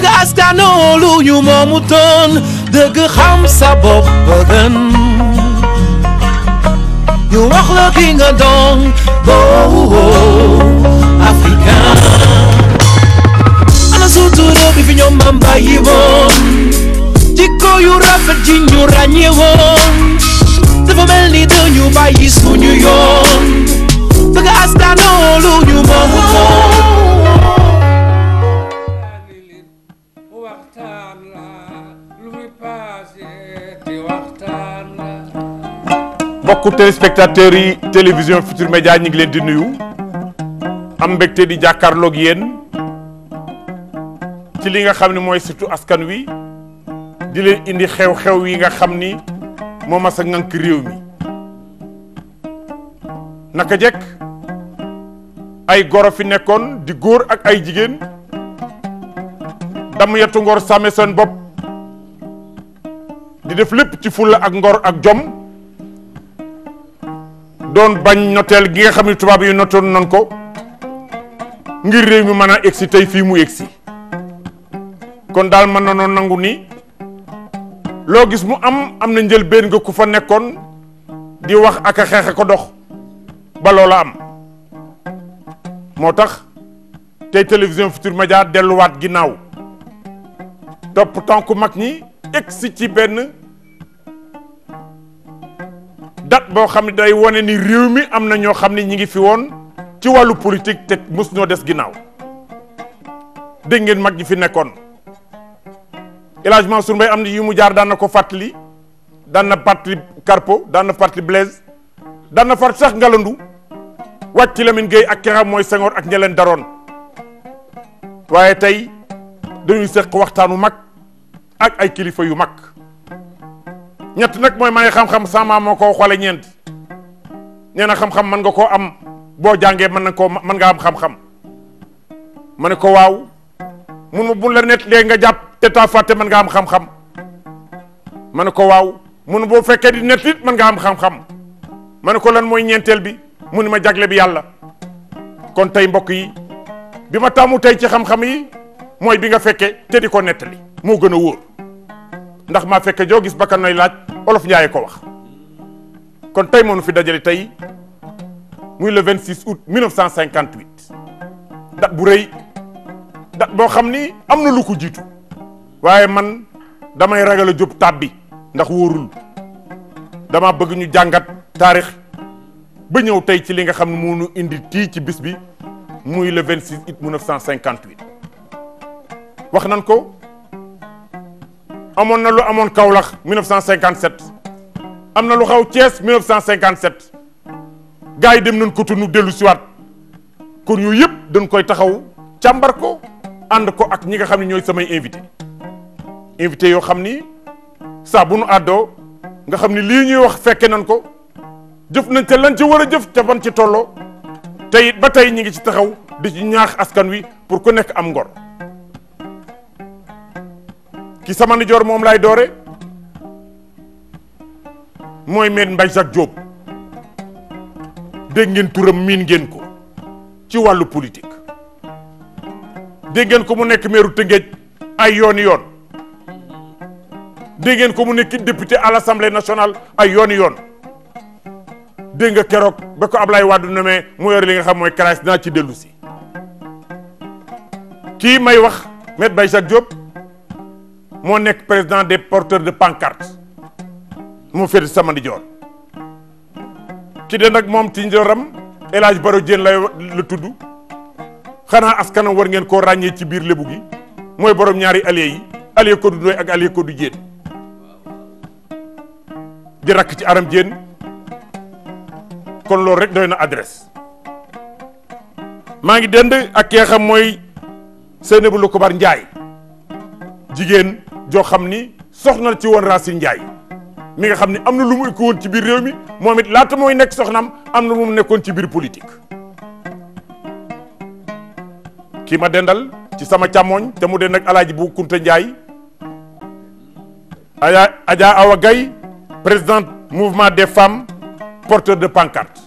bëgg askanoo lu ñu dëgg xam sa bopp ba gën la ki nga doon boo africain ana sutura bi fi ñoom maam woon jikko yu rafet ji ñu ràññee woon dafa mel ni dañu bàyyi suñu yoon bëgg askanoo mbokku téléspectateurs yi télévision Futur Média ñu ngi leen di nuyu am mbégte di jàkkaarloog yéen ci li nga xam ne mooy surtout askan wi di leen indi xew-xew yi nga xam ni moo mas a ŋànk réew mi naka jekk ay goro fi nekkoon di góor ak ay jigéen dam yetu ngor sàmme bopp di def lépp ci fulla ak ngor ak jom doon bañ noteel gi nga xam ne tubaab yi notoon nan ko ngir réew mi mën a egsi tey fii mu egsi kon daal mën na noon nangu ni loo gis mu am am na njëlbéen nga ku fa nekkoon di wax ak a xeex ko dox ba loola am moo tax tey télévision Futurs Médias delluwaat ginnaaw topp tànku mag ñi egsi ci benn dat boo xam ne day wane ni réew mi am na ñoo xam ne ñi ngi fi woon ci wàllu politique te mos ñoo des ginnaaw dégg ngeen mag ñi fi nekkoon El Hadj Mansour Mbaye am na yi mu jaar daana ko fàttali daan na fàttali Carpo daan na fàttali Blaise daan na fàttali sax Ngalandu wàcc ci Lamine Gueye ak Kera mooy Senghor ak ña leen daroon waaye tey dañuy seq waxtaan wu mag ak ay kilifa yu mag. ñett nag mooy may xam-xam sama moo koo xoole ñeent nee na xam-xam mën nga koo am boo jàngee mën na koo mën nga am xam ma ne ko waaw mun bu la net léegi nga jàpp te fàtte mën nga am xam ma ne ko waaw mun boo fekkee di net it mën nga am xam-xam ma ne ko lan mooy ñeenteel bi mu ma jagle bi yàlla kon tey mbokk yi bi ma tàmmu tey ci xam-xam yi mooy bi nga fekkee te di ko nettali moo gën a wóor ndax maa fekk joo gis bakkan nay laaj olof Ndiaye ko wax kon tey moonu fi dajale tey muy le 26 août 1958 dat bu rëy dat boo xam ni am na lu ko jiitu waaye man damay ragal a jóg tàbbi ndax wóorul dama bëgg ñu jàngat taarix ba ñëw tey ci li nga xam ne moo ñu indi tii ci bis bi muy le 26 août 1958 wax nan ko. amoon na lu amoon Kaolack 1957 am na lu xaw cent Thiès 1957 gars yi dem nañ ko tunu dellu waat kon yooyu yëpp dañ koy taxaw càmbar ko ànd ko ak ñi nga xam ne ñooy samay invité invité yoo xam ni saa bu nu àddoo nga xam ni lii ñuy wax fekke nañ ko jëf nañ ca lan ci war a jëf ca ban ci tolloo te it ba tey ñi ngi ci taxaw di ci ñaax askan wi pour ku nekk am ngor ci sama nijoor moom laay doore mooy Me Mbaye Jacques Diop dégg ngeen turam miin ngeen ko ci wàllu politique dégg ngeen ko mu nekk meeru Tëngéej ay yooni yoon dégg ngeen ko mu nekk député à l'Assemblée nationale ay yooni yoon dégg nga keroog ba ko ab Wade nommé mu yor li nga xam mooy CREAC naa ci dellu kii may wax Me Mbaye Jacques Diop moo nekk président des porteurs de pancarte mu féete sama ndijoor ki de nag moom ti njooram El Hadj Baro Dieng lay la tudd xanaa askanam war ngeen koo ràññee ci biir lébu gi mooy borom ñaari alliés yi allié Kodou Ndoye ak allié Kodou Dieng di rakk ci Aram Dieng kon loolu rek doy na adresse maa ngi dend ak kee xam mooy Seynabou Lou Kobar Ndiaye jigéen joo xam ni soxna ci woon Racine Ndiaye mi nga xam ni am na lu mu ko ci biir réew mi moom it laata mooy nekk soxnaam am na lu mu nekkoon ci biir politique. kii ma dendal ci sama càmmoñ te mu den ak alaaji bu Kunta Ndiaye Adja Adja Awa Gaye présidente mouvement des femmes porteur de pancarte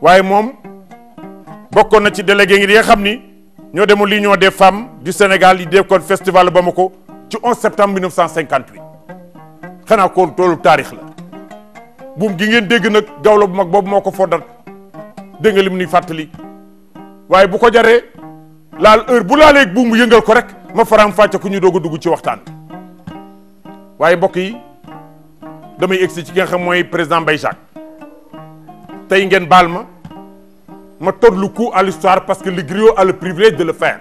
waaye moom bokkoon na ci délégué yi nga xam ni ñoo demoon l'union des femme du Sénégal yi def kon festival ko ci 11 septembre 1958 xanaa kon toolu taarix la buum gi ngeen dégg nag gawlo bu mag boobu moo ko foddat dégg nga ni fàttali waaye bu ko jaree laal heure bu laalee buum bu yëngal ko rek ma faram fàcce ku ñu doog dugg ci waxtaan waaye mbokk yi damay egsi ci ki xam mooy président Mbaye Jacques tey ngeen baal ma ma tordlu coup à l'histoire parce que le griot a le privilège de le faire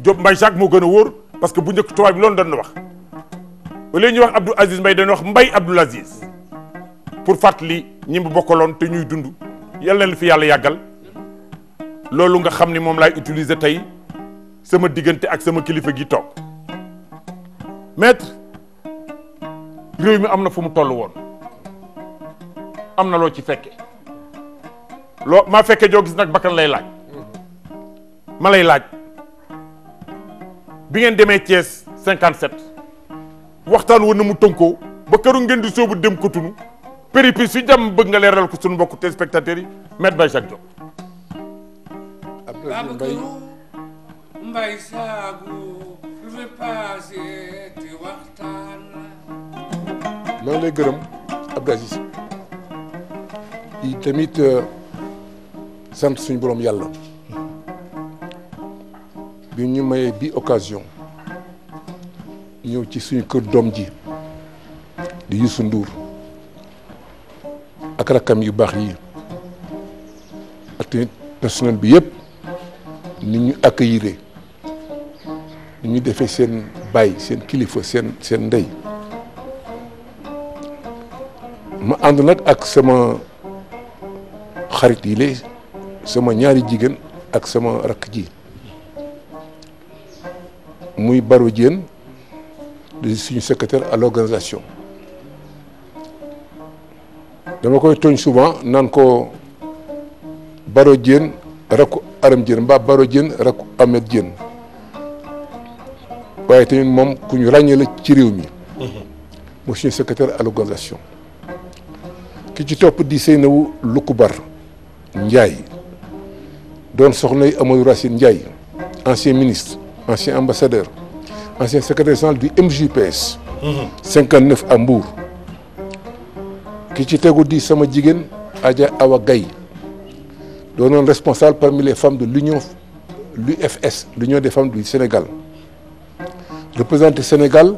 Diop Mbaye Jacques moo gën a wóor parce que bu njëkk tubaab bi loolu doon wax au lieu ñuy wax Abdou Aziz Mbaye dañuy wax mbay Abdou Aziz pour fàttali ñi mu bokkaloon te ñuy dund yàlla na fi yàlla yàggal loolu nga xam ni moom laay utiliser tey sama diggante ak sama kilifa gi toog maître réew mi am na fu mu toll woon am na loo ci fekke loo maa fekke joo gis nag bakkan lay laaj ma lay laaj bi ngeen demee Thiès 57 waxtaan woon na mu tënkoo ba këru ngeen di soobu dem ko tunu péripi su jàmm bëgg nga leeral ko sunu mbokku téléspectateurs yi Maître Baye Jacques Diop. après lay gërëm Abdou Aziz yi tamit euh, sant suñ borom yàlla. bi ñu mayee bi occasion ñëw ci suñu kër doom ji di Youssou Ndour ak rakkam yu baax yi ak tamit personnel bi yëpp ni ñu accueillir ni ñu defee seen baay seen kilifa seen seen ndey ma ànd nag ak sama xarit yi sama ñaari jigéen ak sama rakk ji muy Baro Diène suñu secretaire à l'organisation dama koy tooñ souvent naan ko Baro Diène rakku Aram Diène mbaa Baro Diène rakku Ahmed Diène waaye tamit moom ku ñu ràññee la ci réew mi mm-hmm. mooy suñu secrétaire à l'organisation ki ci topp di Seynabou Lukkubar Ndiaye doon soxna Amadou rasin Ndiaye ancien ministre ancien ambassadeur ancien secrétaire général du MJPS. 59 à Mbour. ki ci tegu di sama jigéen Adja Awa Gaye doonoon responsable parmi les femmes de l'union l'UFS l'union des femmes du Sénégal représenté Sénégal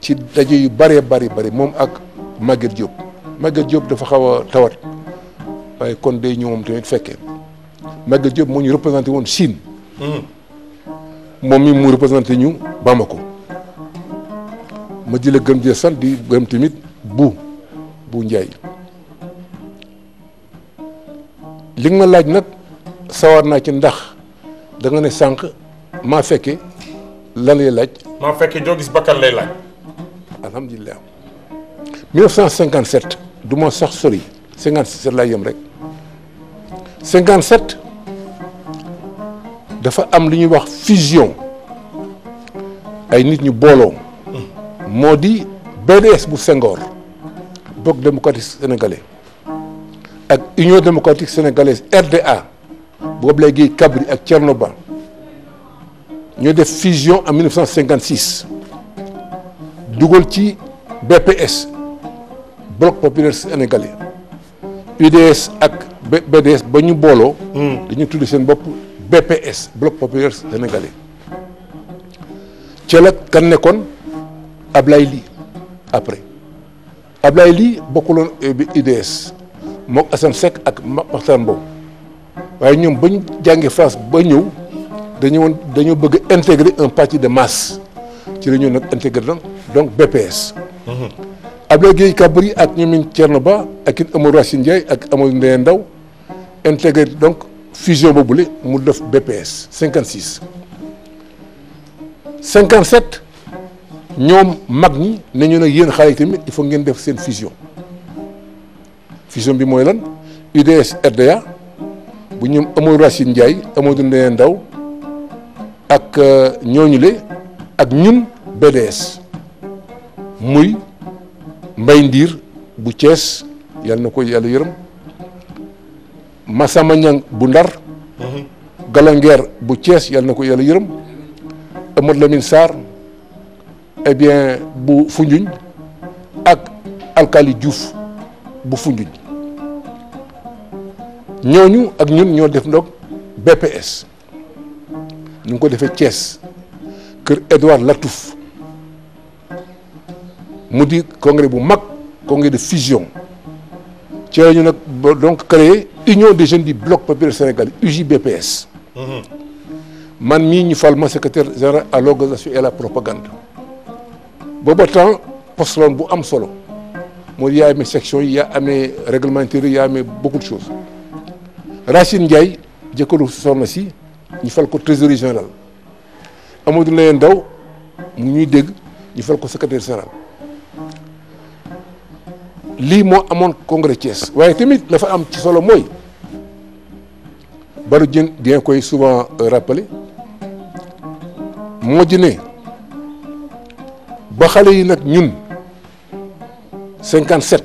ci daje yu bëree bëri moom ak màgget Diop Maguette Diop dafa xaw a tawat waaye kon day ñëw moom tamit fekkee Maguette Diop moo ñu représenté woon Chine. moom mi mu représenté ñu Bamako ma di la gërëm di sant di gërëm tamit bu bu Ndiaye li nga ma laaj nag sawar naa ci ndax danga ne sànq maa fekke lan lay laaj. maa fekkee joo gis bakkan lay laaj. alhamdulilah 1957 du ma sax sori 57 laa yem rek 57. dafa am lu ñuy wax fusion ay nit ñu booloo moo di BDS bu Senghor Bloc démocratique sénégalais ak Union démocratique sénégalaise RDA boobu léegi Kabri ak Thierno Ba ñoo def fusion en 1956 dugal ci BPS Bloc populaire sénégalais UDS ak BDS ba ñu booloo. Hmm. dañu tudd seen bopp. BPS bloc populaire sénégalais ca la kan nekkoon Ablaye Ly après Ablaye Ly bokkuloon eh, ids moog Assane Seck ak Makhtar Mbow waaye ñoom bañ ñu jàngee France ba ñëw dañu woon dañoo bëgg a intégrer un parti de masse ci la ñu nag intégrer donc donc BPS. Mhm. Ablaye Gueye Kabri ak ñoom ñu Ba ak it Amadou Racine Ndiaye ak Amadou Ndeye Ndaw intégré donc fusion boobule mu def BPS 56 57 ñoom mag ñi ne ñu nag yéen xale yi tamit il faut ngeen def seen fusion fusion bi mooy lan UDS RDA bu ñoom Amadou Racine Ndiaye Amadou Ndeye Ndaw ak euh, ñooñule ak ñun BDS muy mbay Ndiir bu Thiès yàlla na ko yàlla yërëm. Masama Ñang bu Ndar mhm. Galangueer bu Thiès yàlla na ko yàlla yërëm Amadou Lamine Sarr eh bien bu Foundiougne ak alkali Diouf bu Foundiougne ñooñu ak ñun ñoo def ndoog BPS ñu ngi ko defee Thiès kër Édouard Latouf mu di congrès bu mag congrès de fusion ci ñu nag donc créé union des jeunes du bloc populaire sénégalais UJBPS. man mii ñu fal ma secrétaire général à l'organisation et à la propagande booba temps poste la bu am solo mooy yaa amee section yi yaa amee règlement intérieur yaa amee beaucoup de choses Rachid Ndiaye jëkkalu soxna si ñu fal ko trésorier général Amadou Layane daw mu ñuy dégg ñu fal ko secrétaire général lii moo amoon congrès Thiès waaye tamit la fa am ci solo mooy Badou Dieng bien koy souvent euh, rappelé moo ji ne ba xale yi nag ñun cinquante sept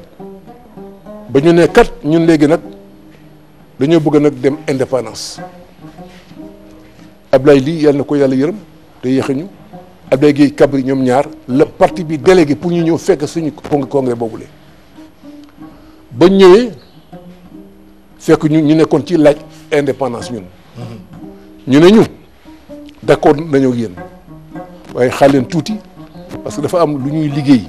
ba ñu ne kat ñun léegi nag dañoo bëgg nag dem indépendance Ablaye lii yàlla na ko yàlla yërëm te yéexuñu Ablaye Guèye Cabri ñoom ñaar la parti bi délégué pour ñu ñëw fekk suñu congrès boobu boobule ba ñëwee fekk ñu ñu nekkoon ci laaj. indépendance ñun ñu ne ñu d'accord nañoo yéen waaye xaar leen tuuti parce que dafa am lu ñuy liggéey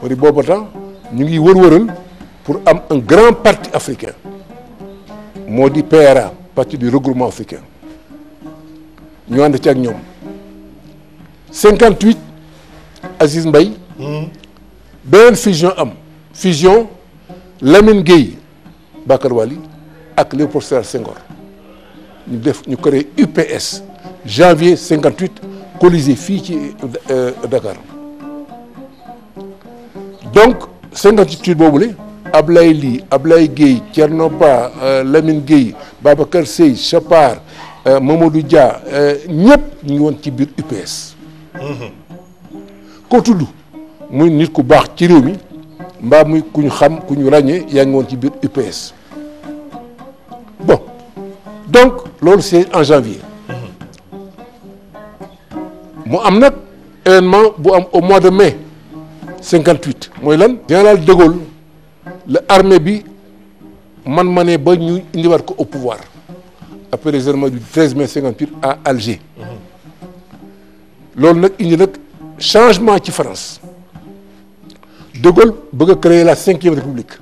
moo di booba temps ñu ngi wër-wëral pour am un grand parti africain moo di PRA parti du regroupement africain ñu ànd ci ak ñoom 58 Aziz Mbaye mm-hmm. beneen fusion am fusion Lamine Gueye Bakar Wali ak Léopold Sédar Senghor ñu def ñu créé UPS janvier 58 fii ci euh, Dakar donc 58 boobule Ablaye Ly Ablaye Guèye Thierno Ba euh, Lamine Guèye Babacar Seye Chapar euh, Mamadou Dia ñëpp ñu woon ci biir UPS. Mm-hmm. koo muy nit ku baax ci réew mi mbaam muy ku ñu xam ku ñu ràññee yaa ngi woon ci biir UPS. bon donc loolu c'est en janvier mu am nag événement bu am au mois de mai 58 mooy lan général de Gaulle la armée bi man ma ba ñu indiwaat ko au pouvoir après les événements du mai à Alger loolu nag indi nag changement ci France de Gaulle créer la cinquième république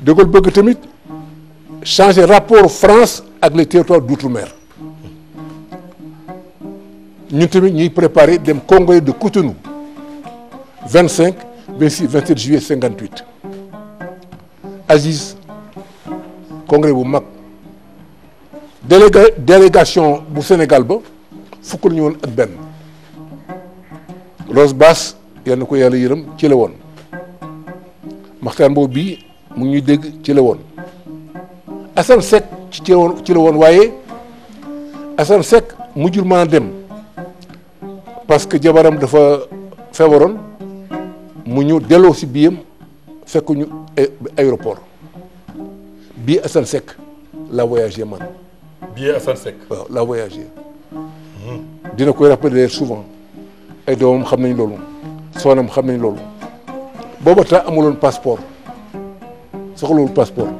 de Gaulle bëgg changer rapport France ak les territoires d'outre-mer ñun tamit ñuy préparer dem congrès de Cotonou 25 26 27 juillet 58 Aziz congrès bu mag déléga délégation bu Sénégal ba fukk la woon ak benn Rose Bass yal na ko yàlla yërëm ci la woon maxtaan boobu bii mu ngi ñuy dégg ci la woon. Assane Seck ci ci la woon waaye Assane mu mujjul mën a dem parce que jabaram dafa feebaroon mu ñu delloo si biyam fekk ñu e aéroport bii Assane Seck la voyagé man. bii Assane Seck. dina koy rappeler souvent ay doomam xam nañ loolu soxnaam xam nañ loolu booba temps amuloon passeport soxlawul passeport.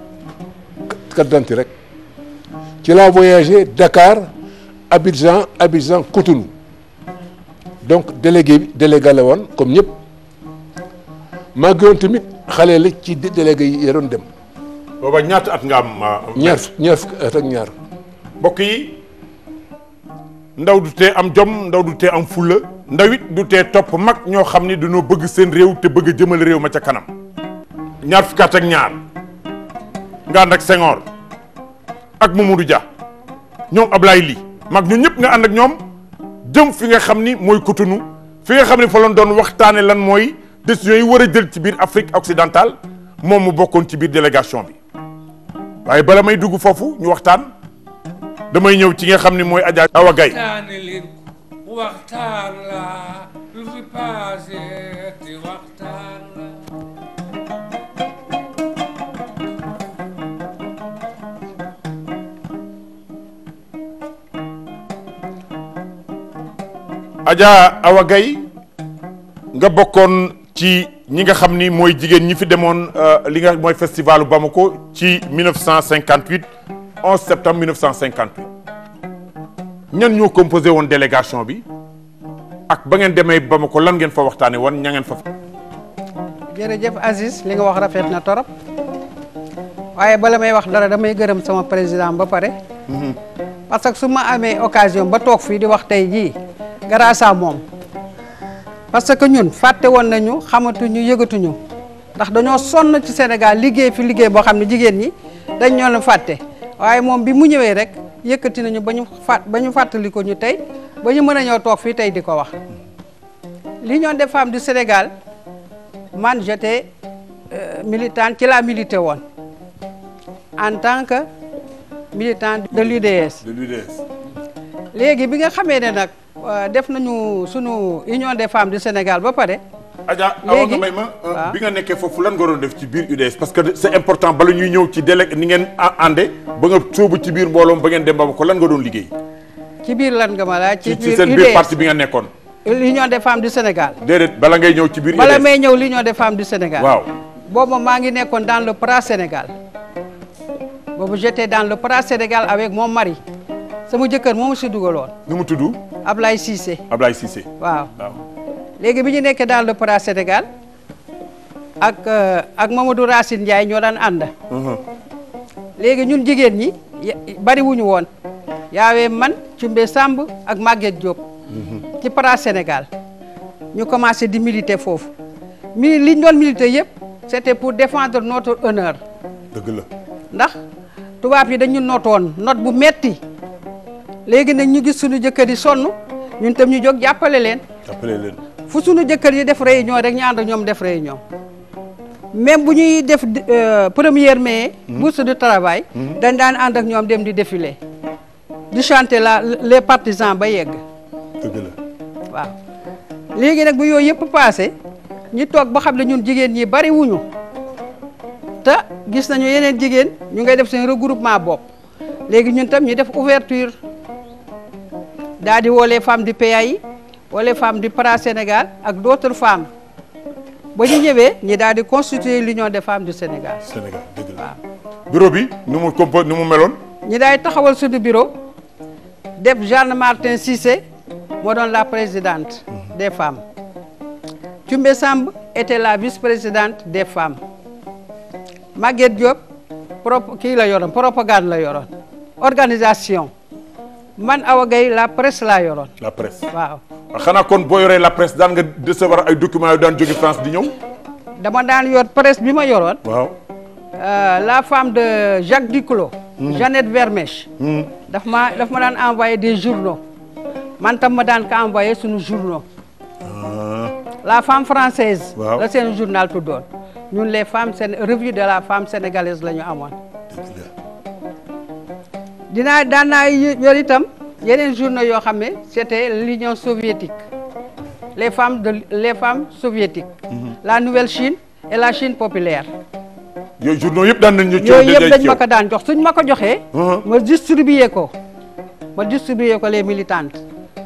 carte d'identité rek ci laa voyagé Dakar Abidjan Abidjan Cotonou donc délégué bi délégué la woon comme ñëpp maa ngi woon tamit xale ci délégué yi doon dem. booba ñaata at nga am. ñaar ñaar fukki at ak ñaar. mbokk yi ndaw du tee am jom ndaw du tee am fulla ndaw it du tee topp mag ñoo xam ni dañoo bëgg seen réew te bëgg jëmal réew ma ca kanam. ñaar fukki at ak ñaar. nga ànd ak Senghor ak Mamadou Dia ñoom Ablaye Ly mag ñun ñëpp nga ànd ak ñoom jëm fi nga xam ni mooy Cotonou fi nga xam ni fa lañ doon waxtaane lan mooy décisions yi war a jël ci biir Afrique occidentale moom mu bokkoon ci biir délégation bi waaye bala may dugg foofu ñu waxtaan damay ñëw ci nga xam ni mooy Adja Awa Gaye Adja Awa Gaye nga bokkoon ci ñi nga xam ni mooy jigéen ñi fi demoon euh, li nga mooy festivalu Bamako ci 1958 11 septembre 1958 ñan ñoo composé woon délégation bi ak ba ngeen demee Bamako lan ngeen fa waxtaane woon ña ngeen fa. jërëjëf Aziz li nga wax rafet na torop waaye bala may wax dara damay gërëm sama président ba pare. Mm-hmm. parce que su ma amee occasion ba toog fii di wax tey jii. grâce à moom parce que ñun fàtte woon nañu xamatuñu yëgatuñu ndax dañoo sonn ci Sénégal liggéey fi liggéey boo xam ne jigéen ñi dañ ñoo leen fàtte waaye moom bi mu ñëwee rek yëkkati nañu ba ñu fàtt ba ñu fàttali ko ñu tey ba ñu mën a ñoo toog fii tey di ko wax l'Union des femmes du Sénégal man j'étais euh, militante ci laa milité woon en tant que militante de l'UDS de l'UDS léegi bi nga xamee ne nag Euh, def nañu sunu union des femmes du Sénégal ba pare. Adja awa nga may ma euh, bi nga nekkee foofu lan nga doon def ci biir UDS parce que c'est important bala ñuy ñëw ci délai ni ngeen ànde ba nga ci biir mbooloom ba ngeen dem ba ko lan nga doon liggéey. ci biir lan nga ma laaj. ci biir UDS ci seen biir nga nekkoon. l'union des femmes du Sénégal. déedéet bala ngay ñëw ci biir UDS bala may ñëw l'union des femmes du Sénégal. waaw boobu maa ngi nekkoon dans le PRA Sénégal boobu j'étais dans le Sénégal avec mon mari. sama jëkkër moo ma si dugaloon. nu mu tudd. Ablaye Cissé. Ablaye Cissé. waaw léegi bi ñu nekkee dans le para Sénégal ak euh, ak Mamadou Racine Ndiaye ñoo daan ànd. Uh-huh. léegi ñun jigéen ñi bariwuñu woon yaawee man Cumbe sàmb ak Maguette Diop. Uh-huh. ci para Sénégal ñu commencé di militer foofu mi li ñu doon militer yëpp c'était pour défendre notre honneur. dëgg la ndax tubaab yi dañu nootoon noot bu metti léegi nag ñu gis suñu jëkkër yi sonn ñun tam ñu jog jàppale leen. fu suñu jëkkër yi def réunion rek ñu ànd ak ñoom def réunion. même bu ñuy def euh, première mai. Hmm. bourse de travail. Hmm. dañ daan ànd ak ñoom dem di défilé. di chanter la les partisans ba yegg. waaw. léegi nag bu yooyu yëpp paase ñu toog ba xam ne ñun jigéen ñi bariwuñu te gis nañu yeneen jigéen ñu ngay def seen groupement bopp léegi ñun tam ñu def ouverture daal di woo femmes du PAI woo les femmes du PRA Sénégal ak d' femmes boo ñu ñëwee ñi daal di constituer l'union des femmes du Sénégal. Sénégal dëgg la waaw. bureau bi nu mu meloon. ñi daay taxawal suñu bureau def Jeanne Martin Cissé moo doon la présidente des femmes Thiombé Samb était la vice-présidente des femmes Maguette Diop pro kii la yoroon propagande la yoroon organisation. man Awa Gueye la presse laa yoroon. la presse waaw. Ah, xanaa kon boo yoree la presse daan nga recevoir ay documents yu daan jóge France di ñëw. dama daan yor presse bi ma yoroon. waaw. Euh, la femme de Jacques Duclos. Hmm. Jeannette Vermèche. Hmm. daf ma daf ma daan envoyé des journaux man tam ma daan ko envoyé suñu journaux. Ah. la femme française. la seen journal tuddoon ñun les femmes seen revue de la femme sénégalaise la ñu amoon. dinaa daan naa yor itam yeneen journaux yoo xam ne c'était l'Union soviétique les femmes de les femmes soviétiques. Mhm. la nouvelle Chine et la Chine populaire. yooyu journaux yëpp daan nañu yooyu yëpp dañ ma ko daan jox suñ ma ko joxee. Mhm. ma distribuer ko ma distribuer ko les militantes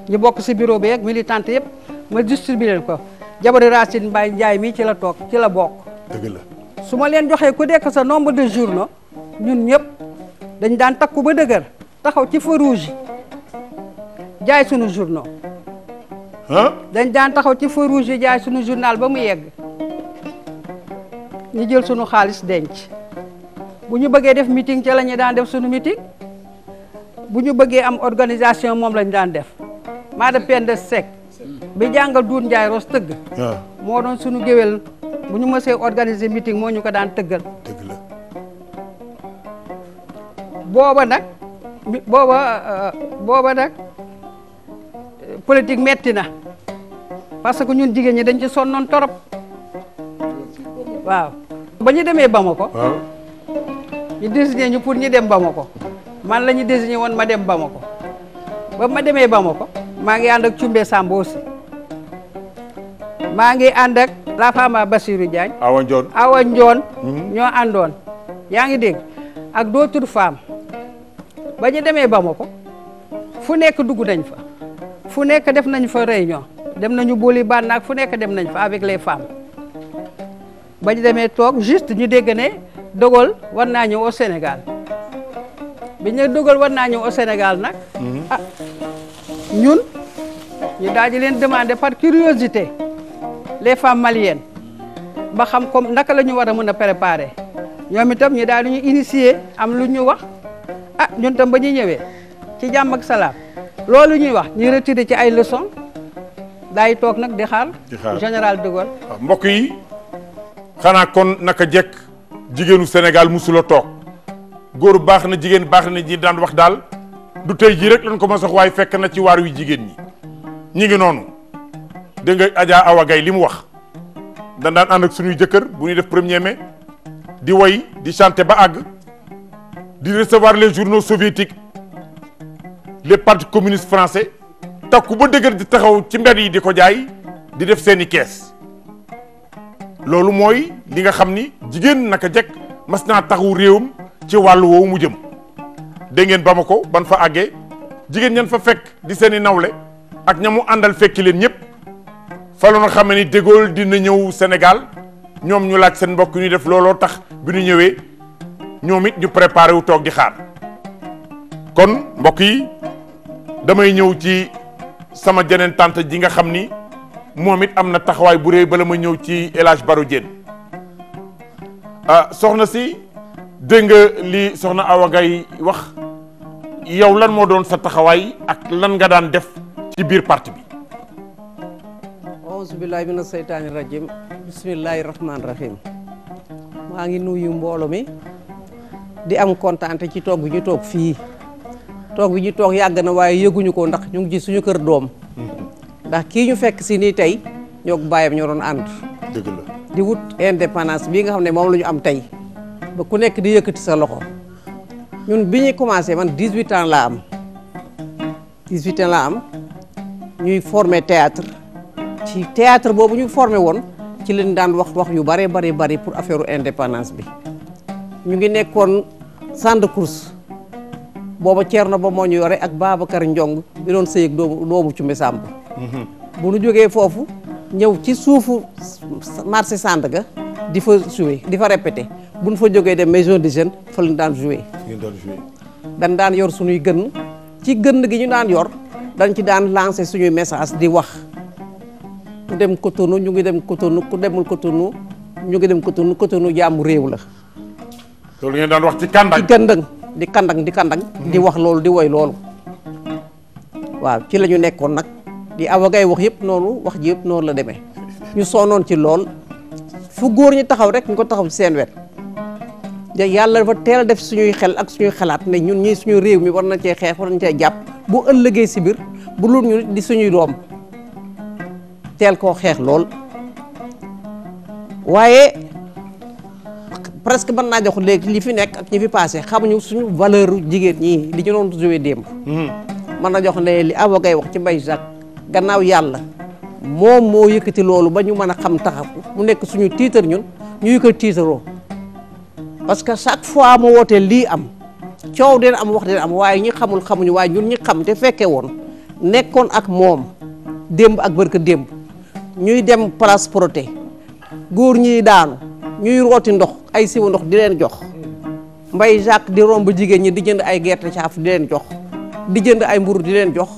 ñu bokk si bureau beek ak militantes yëpp ma distribuer ko Jabari Racine Mbaye Ndiaye mii ci la toog ci la bokk. su ma leen joxee ku nekk sa nombre de journaux ñun ñëpp. dañ daan takku ba dëgër taxaw ci feu rouge jaay sunu journaux. dañ daan taxaw ci feu rouge jaay sunu journal ba mu yegg ñu jël sunu xaalis denc bu ñu bëggee def meeting ca la ñu daan def sunu meeting bu ñu bëggee am organisation moom lañu daan def maa de pende sec bi jàngal duun njaay ros tëgg ah. moo doon sunu géwél bu ñu mësee organiser meeting moo ñu ko daan tëggal booba nag booba euh, booba nag politique metti na parce que ñun jigéen ñi dañ ci sonnoon torop waaw ba ñu demee ba Bamako ñu désigné ñu pour ñu dem ba Bamako man la ñu désigné woon ma dem Bamako ba ma demee Bamako maa ngi ànd ak Cumbe Samb maa ngi ànd ak la femme Bassirou Diagne Awa Ndione Awa Ndione mm-hmm. ñoo àndoon yaa ngi dégg ak d'autres femmes ba ñu demee ba Bamako fu nekk dugg nañ fa fu nekk def nañ fa réunion dem nañu booli bànnaak fu nekk dem nañ fa avec les femmes ba ñu demee toog juste ñu dégg ne dogal war naa ñëw au Sénégal bi ñu dogal war naa ñëw au Sénégal nag. Mhm. ah ñun ñu daal di leen demander par curiosité les femmes maliennes ba xam comme naka la ñu war a mun a préparer ñoom itam ñu daal di ñu initier am lu ñu wax. ah ñun tam ba ñu ñëwee ci jàmm ak salaam loolu ñuy wax ñuy retiré ci ay leçon daay toog nag di xaar. général de ah, mbokk yi xanaa kon naka jekk jigéenu Sénégal musula toog góor baax na jigéen baax na ñi daan wax daal du tey jii rek lañ ko ma a waaye fekk na ci waar wi jigéen ñi ñi ngi noonu dégg nga Adja Awa Gaye li mu wax dan daan ànd suñuy jëkkër bu ñuy def premier mai di woy di chanter ba àgg. di recevoir les journaux soviétiques les partis communistes français takku ba dëgër di taxaw ci mbedd yi di ko jaay di def seeni kees loolu mooy li nga xam ni jigéen naka jekk mas naa taxaw réewam ci wàllu woow mu jëm dégg ngeen ko ban fa àggee jigéen ñan fa fekk di seeni nawle ak ña mu àndal fekki leen ñëpp faloon a xam ne ni De dina ñëw Sénégal ñoom ñu laaj seen mbokk ñu def looloo tax bi ñu ñëwee ñoom it ñu préparé wu toog di xaar kon mbokk yi damay ñëw ci sama jeneen tànt ji nga xam ni moom it am na taxawaay bu réy bala ma ñëw ci El Hadj Barou ah, soxna si dégg nga li soxna Awa wax yow lan moo doon sa taxawaay ak lan nga daan def ci biir parti bi auzubillahi mina seytaani rajim bismillahi rahmaani rahim maa ngi nuyu mboolo mi di am kontaante ci toog bi ñu toog fii toog bi ñu toog yàgg na waaye yëguñu ko ndax ñu ngi ci suñu kër doom ndax kii ñu fekk si nii tey ñoo bàyyi bàyyam ñoo doon ànd di wut indépendance bii nga xam ne moom lañu am tey ba ku nekk di yëkkati sa loxo ñun bi ñuy commencé man huit ans laa am 18 ans laa am ñuy formé théâtre ci théâtre boobu ñu formé woon ci leen daan wax wax yu bare bare bare pour affaire indépendance bi ñu ngi nekkoon centre de course booba na ba moo ñu yore ak Babacar njong bi doon sëy ak doomu doomu Cumbe Samb. Mhm. bu nu jógee foofu ñëw ci suufu marché Sandaga di fa joué di fa répété bu nu fa jógee dem maison des jeunes fa lañ daan joué. dañ daan yor suñuy gën ci gën gi ñu daan yor dañ ci daan lancé suñuy message di wax ku dem Cotonou ñu ngi dem Cotonou ku demul Cotonou ñu ngi dem Cotonou Cotonou jaamu réew la. loolu ngeen daan wax ci kandang ci kandang di kandang di kandang di wax loolu di woy loolu waaw ci la ñu nekkoon nag di awagay wax yépp noonu wax ji yëpp noonu la demee ñu soonoon ci lool fu góor ñi taxaw rek ñu ko taxaw seen wet da yàlla dafa teel a def suñuy xel ak suñuy xalaat ne ñun ñii suñu réew mi war nañ cee xeex war nañ cee jàpp bu ëllëgee si biir bu lu ñu di suñuy doom teel koo xeex lool waaye presque mën naa jox léegi li fi nekk ak ñi fi passé xamuñu suñu valeur jigéen ñii li ñu doon joué démb. Hmm. mën na jox ne li avogay wax ci mbay sax gannaaw yàlla moom moo yëkkati loolu ba ñu mën a xam taxaw mu nekk suñu tiitar ñun ñu yëkkati tiitaroo parce que chaque fois mu wootee lii am coow dina am wax dina am waaye ñi xamul xamuñu waaye ñun ñi xam te fekkee woon nekkoon ak moom démb ak barka démb ñuy dem place proté góor ñi daanu. ñuy rooti ndox ay siwu ndox di leen jox mbay Jacques di romb jigéen ñi di jënd ay gerte caaf di leen jox di jënd ay mburu di leen jox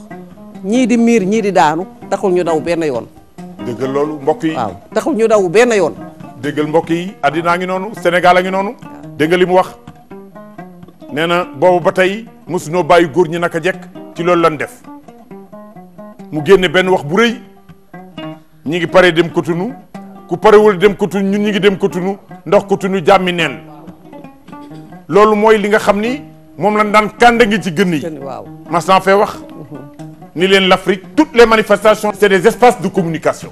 ñii di miir ñii di daanu taxul ñu daw benn yoon. dëggal loolu mbokk yi waaw taxul ñu daw benn yoon. dëggal mbokk yi addinaa ngi noonu Sénégal a ngi noonu. dëgg li mu wax nee na boobu ba tey mosunoo bàyyi góor ñi naka jekk ci loolu lan def mu génne benn wax bu rëy ñi ngi pare dem Cotonou. ku parewul dem ko tunu ñun ñu ngi dem ko tunu ndox ko tunu jàmmi neen loolu mooy li nga xam ni moom lañ daan kànda ngi ci gën yi mas naa fee wax ni leen l'Afrique toutes les manifestations c'est des espaces de communication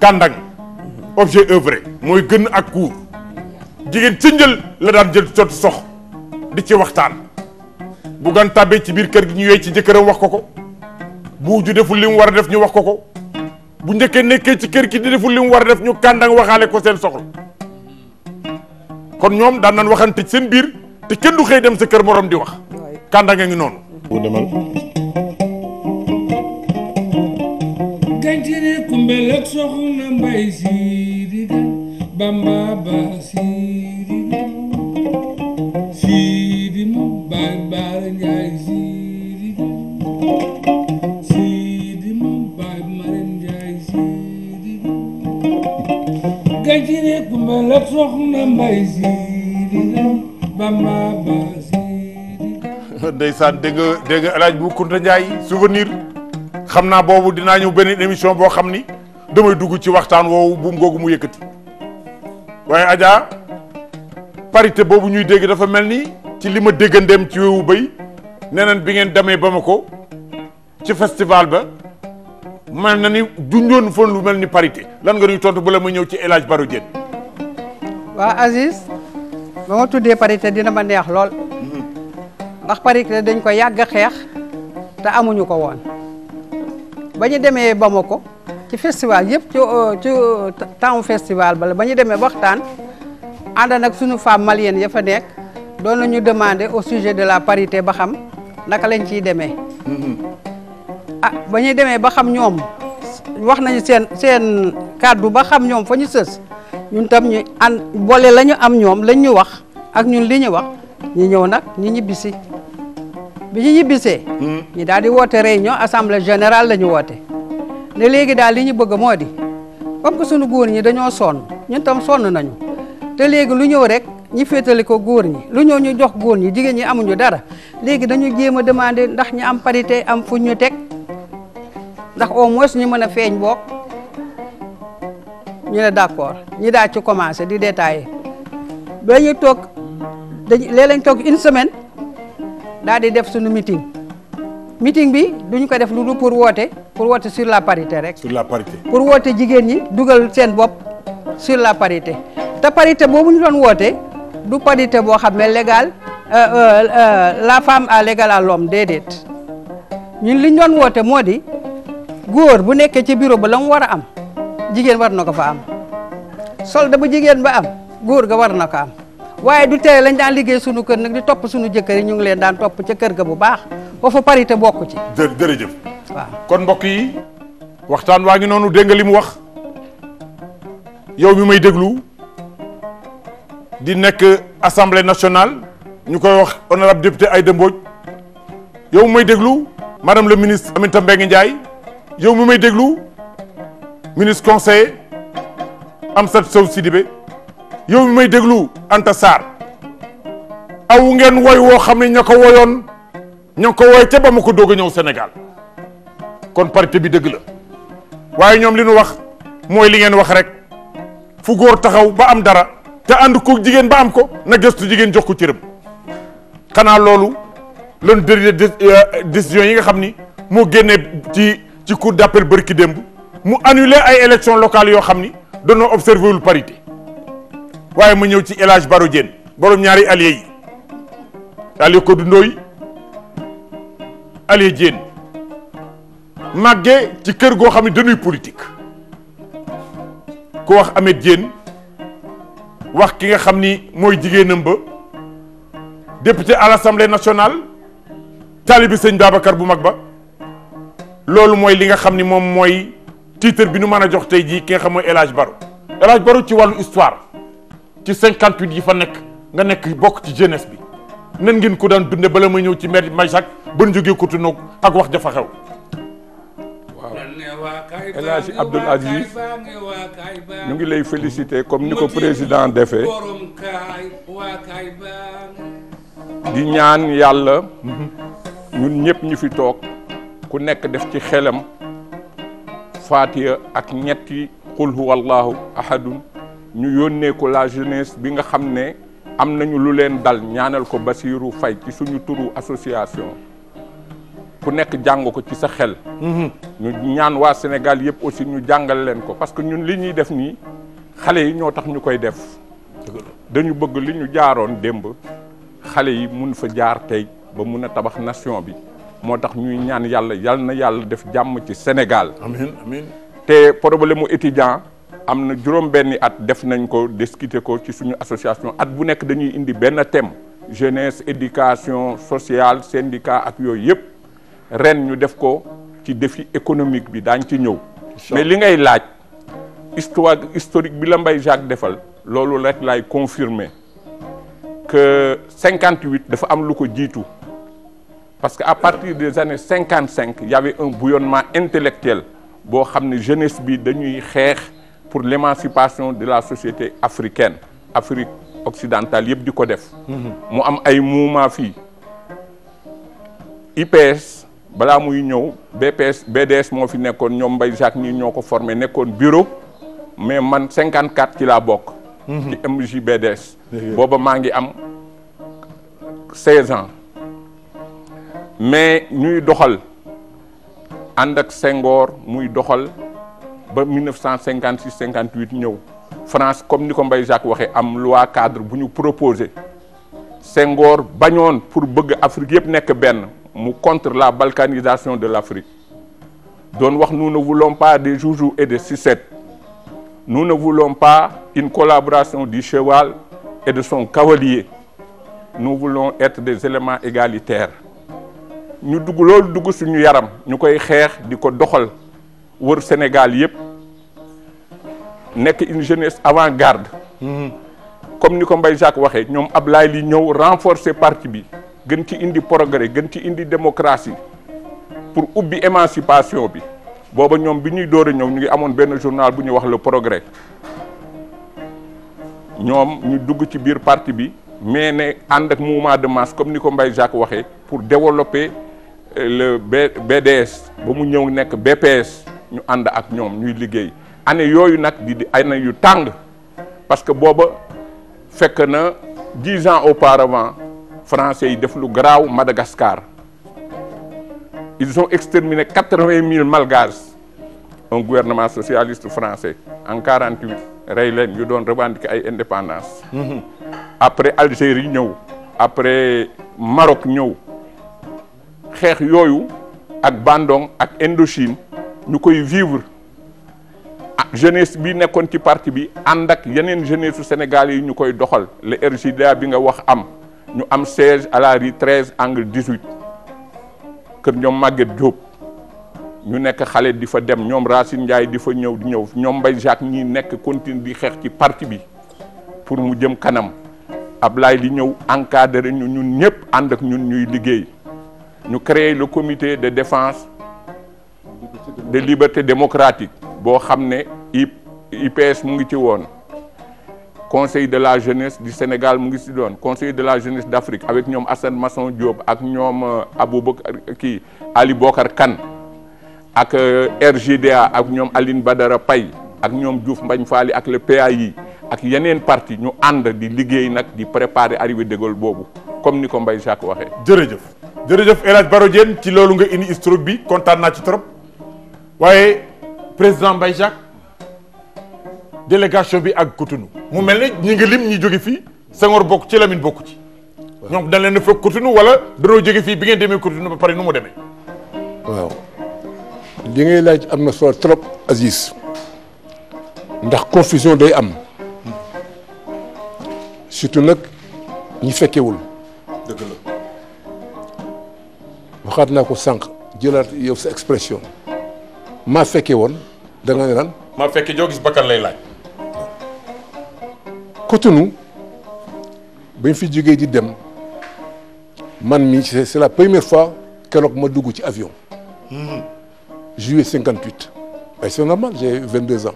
kàndang objet œuvré mooy gën ak kuur jigéen ci njël la daan jël cot sox di ci waxtaan bu gan tàbbee ci biir kër gi ñu yoy ci jëkkëram wax ko ko bu ju deful li mu war a def ñu wax ko ko bu njëkkee nekkee ci kër gi di deful li mu war a def ñu kàndang waxaale ko seen soxla kon ñoom daan nañ waxante seen biir te kenn du xëy dem sa kër morom di wax kàndang a ngi noonu. bu demal. kay ci ne kumbal ak dégg dégg alaaj bu Kunta Njaay souvenir xam naa boobu dinaa ñëw benn émission boo xam ni damay dugg ci waxtaan woowu buum googu mu yëkkati waaye Adja parité boobu ñuy dégg dafa mel ni ci li ma déggandeem ci wewu béy neneen bi ngeen demee ba ma ko ci festival ba man na ni junjoon fon lu mel ni parité lan nga ñuy tontu bala ma ñëw ci élage Hadj Baro Dieng. waaw Aziz tuddee parité dina ma neex lool ndax parité dañ ko yàgg xeex te amuñu ko woon ba ñu demee ba Bamako ci festival yëpp ci euh, ci euh, temps festival bala ba ñu demee waxtaan ànd nag suñu femme malienne ya fa nekk doon nañu demander au sujet de la parité ba xam naka lañ ciy demee. Mm-hmm. ah ba ñuy demee ba xam ñoom wax nañu seen seen kàddu ba xam ñoom fa ñu sës ñun tam ñu ànd boole lañu am ñoom lañ ñu wax ak ñun li ñu wax ñu ñëw nag ñu ñibbisi bi ñu ñibbisee. Hmm. ñu daal di woote réunion assemblée générale la ñu woote ne léegi daal li ñu bëgg moo di comme que sunu góor ñi dañoo sonn ñun tam sonn nañu te léegi lu ñëw rek ñi féetale ko góor ñi lu ñëw ñu jox góor ñi jigéen ñi amuñu dara léegi dañu jéem a demander ndax ñu am parité am fu ñu teg. ndax au moins ñu mën a feeñ book ñu ne d'accord ñi daal ci commencé di détailler ba ñu toog dañuy léeg lañ toog une semaine daal di def suñu meeting meeting bi duñ ko def lu dul pour woote pour woote sur la parité rek. sur la parité pour woote jigéen ñi dugal seen bopp sur la parité te parité boobu ñu loon woote du parité boo xam ne légal euh, euh, euh, la femme à l'égal à l'homme déedéet ñun li ñu doon woote moo di. góor bu nekkee ci bureau ba la mu war a am jigéen war na ko fa am solde bu jigéen ba am góor ga war na ko am waaye du tey lañ daan liggéey sunu kër nag di topp sunu jëkkër yi ñu ngi leen daan topp ca kër ga bu baax ba fa parité bokk ci. jë waaw kon mbokk yi waxtaan waa ngi noonu dégg li mu wax yow mi may déglu di nekk assemblée nationale ñu koy wax honorable député Aïda Mbodj yow may déglu madame le ministre Aminata Mbengue Ndiaye. yow mi may déglu ministre conseiller Amsatou Sow Sidibé yow mi may déglu Anta Sarr aw ngeen woy woo xam ne ña ko woyoon ña ko woy ca ba ma ko doog a ñëw Sénégal kon parité bi dëgg la waaye ñoom li ñu wax mooy li ngeen wax rek fu góor taxaw ba am dara te ànd ko jigéen ba am ko na gëstu jigéen jox ko cërëm xanaa loolu lan dernier euh, décision yi nga xam ni moo génnee ci ci cour d'appel bërki démb mu annulé ay élections locale yoo xam ni danoo observé wul parité waaye ma ñëw ci El Hadj Baro ñaari alliés yi allié Kodou Ndoye allié Diène màggee ci kër goo xam ne dañuy politique ku wax Ameth Diène wax ki nga xam ni mooy jigéenam ba député à l'Assemblée nationale taalibi sëñ Babacar bu mag ba loolu mooy li nga xam ni moom mooy titre bi nu mën a jox tey jii ki nga xam mooy El Hadj Barou El ci wàllu histoire ci 58 yi fa nekk nga nekk bokk ci jeunesse bi nan ngeen ko daan dunde la ma ñëw ci maire Maysak ba nu jógee Cotonou ak wax jafa xew. El Hadj Abdoul Aziz ñu ngi lay féliciter comme ni ko président defee di ñaan yàlla mhm. ñun ñëpp ñu fi toog ku nekk def ci xelam faatiya ak ñetti qul huwa allahu ahadun ñu yónnee ko la jeunesse bi nga xam ne am nañu lu leen dal ñaanal ko Basiiru Fay ci suñu turu association ku nekk jàng ko ci sa xel mhm. ñu ñaan waa Sénégal yëpp aussi ñu jàngal leen ko parce que ñun li ñuy def nii xale yi ñoo tax ñu koy def dañu bëgg li ñu jaaroon démb xale yi mun fa jaar tey ba mun a tabax nation bi moo tax ñuy ñaan yàlla yal na yàlla def jàmm ci Sénégal. amiin te problème mu étudiant am na juróom-benni at def nañ ko discuter ko ci suñu association at bu nekk dañuy indi benn thème jeunesse éducation sociale syndicat ak yooyu yëpp ren ñu def ko ci defi économique bi daañ ci ñëw. mais li ngay laaj histoire historique bi la Mbaye Jacques defal loolu rek laay confirmer que 58 dafa am lu ko jiitu. parce que à partir des années cinquante cinq y un bouillonnement intellectuel boo xam ne jeunesse bi dañuy xeex pour l'émancipation de la société africaine Afrique occidentale yëpp di ko def mm-hmm. mu am ay mouvement fii IPS balaa muy ñëw BPS BDS moo fi nekkoon ñoom mbay Jacques nii ñoo ko formé nekkoon bureau mais man cinquante quatre ci laa bokk mm-hmm. ci booba maa ngi am seize ans mais ñuy doxal ànd ak sengoor muy doxal ba 1956 58 ñëw France comme ni ko Mbaye Jacques waxee am loi cadre bu ñu proposé Senghor bañoon pour bëgg Afrique yëpp nekk benn mu contre la balkanisation de l'Afrique doon wax nous ne voulons pas des joujous et des sucettes nous ne voulons pas une collaboration du cheval et de son cavalier nous voulons être des éléments égalitaires ñu dugg loolu dugg suñu yaram ñu koy xeex di ko doxal wër Sénégal yëpp nekk une jeunesse avant-garde mhm. comme ni ko Mbaye Jacques waxee ñoom ab Ablaye li ñëw renforcer parti bi gën ci indi progrès gën ci indi démocratie pour ubbi émancipation bi booba ñoom bi ñuy door ñëw ñu ngi amoon benn journal bu ñuy wax le progrès ñoom ñu dugg ci biir parti bi mais ne ànd ak mouvement de masse comme ni ko Mbaye Jacques waxee pour développer le BDS ba mu ñëw nekk BPS ñu ànd ak ñoom ñuy liggéey année yooyu nag di di année yu tàng parce que booba fekk na dix ans auparavant français yi def lu garaaw Madagascar ils ont exterminé quatre-vingt mille malgaches un gouvernement socialiste français en quarante-huit rey leen ñu doon revendiquer ay indépendance mhm. après Algérie ñëw après Maroc ñëw xeex yooyu ak Bandung ak Indochine ñu koy vivre ah, jeunesse bi nekkoon ci partie bi ànd ak yeneen jeunesse su Sénégal yi ñu koy doxal le RJDA bi nga wax am ñu am siège à la rue 13 angle 18 ñoom Maguette Diop ñu nekk xale di fa dem ñoom Racine Ndiaye di fa ñëw di ñëw ñoom Mbaye Jacques ñi nekk continue di xeex ci parti bi pour mu jëm kanam Ablaye di ñëw encadré ñu ñun ñëpp ànd ak ñun ñuy liggéey ñu créer le comité de défense de liberté démocratique boo xam ne IPS mu ngi ci woon conseil de la jeunesse du Sénégal mu ngi si doon conseil de la jeunesse d'Afrique avec ñoom Assane mason Diop ak ñoom euh, Aboubacar kii Ali Bokar Kane ak euh, RGDA ak ñoom Aline Badara pay ak ñoom Diouf mbañ Faly ak le PAI ak yeneen parti ñu ànd di liggéey nag di préparer arrivée de boobu comme ni ko Mbaye Jacques waxee jërëjëf jërëjëf El Hadj Baro Diène ci loolu nga indi historique bi kontaan naa ci trop waaye président Mbaye Jacques délégation bi ak Cotonou mu mel ni ñi nga lim ñi jóge fii Senghor bokk ci Lamine bokk ci ñoom dañ leen a fekk Cotonou wala danoo jóge fii bi ngeen demee Cotonou ba pare nu mu demee waaw li ngay laaj am na solo trop Aziz ndax confusion day am hmm. surtout nag ñi fekkewul dëgg waxaat naa ko sànq jëlaat yow sa expression maa fekkee woon da nga lan. maa fekkee joo gis bakkan lay laaj. Cotonou bañ fi jógee di dem man mi c'est la première fois keroog ma dugg ci avion. Mmh. cinquante 58. waaye c'est normal j'ai 22 ans.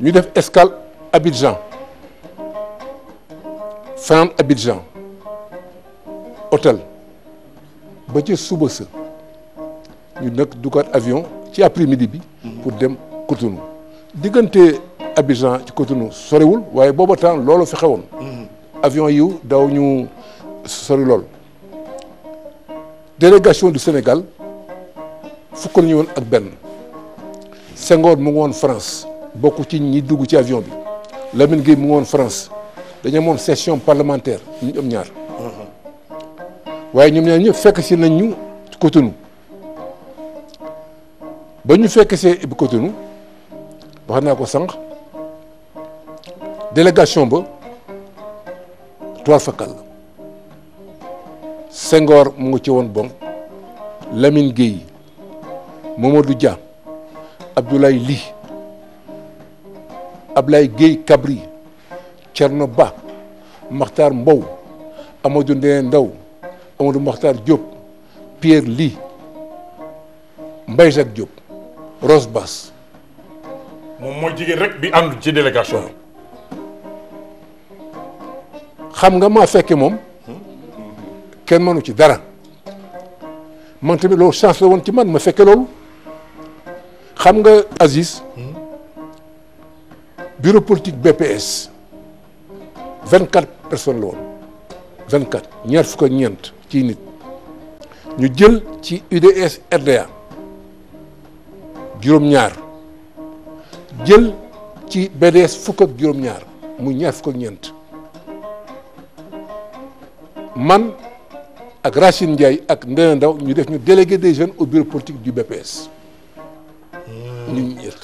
ñu def escale Abidjan. Finlande Abidjan. hôtel ba ca suba sa ñu nëkk dugaat avion ci après midi bi. pour dem Cotonou. diggante Abidjan ci Cotonou soriwul waaye booba temps loolu fi xewoon. Mm-hmm. avion yiw daw ñu sori lool. délégation du Sénégal fukk la woon ak benn sengoor mu ngi woon France bokk ci ñi dugg ci avion bi Lamine Gueye mu ngi woon France dañu amoon session parlementaire ñu am ñaar. waaye ñoom ñaar ñëpp fekk si nañu ñu ba ñu fekk see Cotonou wax naa ko sànq délégation ba trois fakkal la Senghor mu ngi ci woon boŋ Lamine Guèye Mamadou Dia Abdoulaye Ly Ablaye Guèye Cabri Thierno Ba Makhtar Mbow Amadou Ndaw Amadou Mokhtar Diop Pierre Ly Mbaye Jacques Diop Rose Bass moom mooy jigéen rek bi ànd ci délégation xam nga ma fekke moom kenn mënu ci dara man tamit loolu chance la woon ci man ma fekke loolu xam nga Aziz bureau politique BPS vingt quatre personnes la woon vingt quatre ñaar fukk ak ci nit ñu jël ci UDS RDA juróom-ñaar jël ci BDS fukk ak juróom-ñaar muy ñaar fukk ak ñeent man ak Racine Ndiaye ak Ndeye Ndaw ñu def ñu délégué des jeunes au bureau politique du BPS. Hmm. ñu ñett.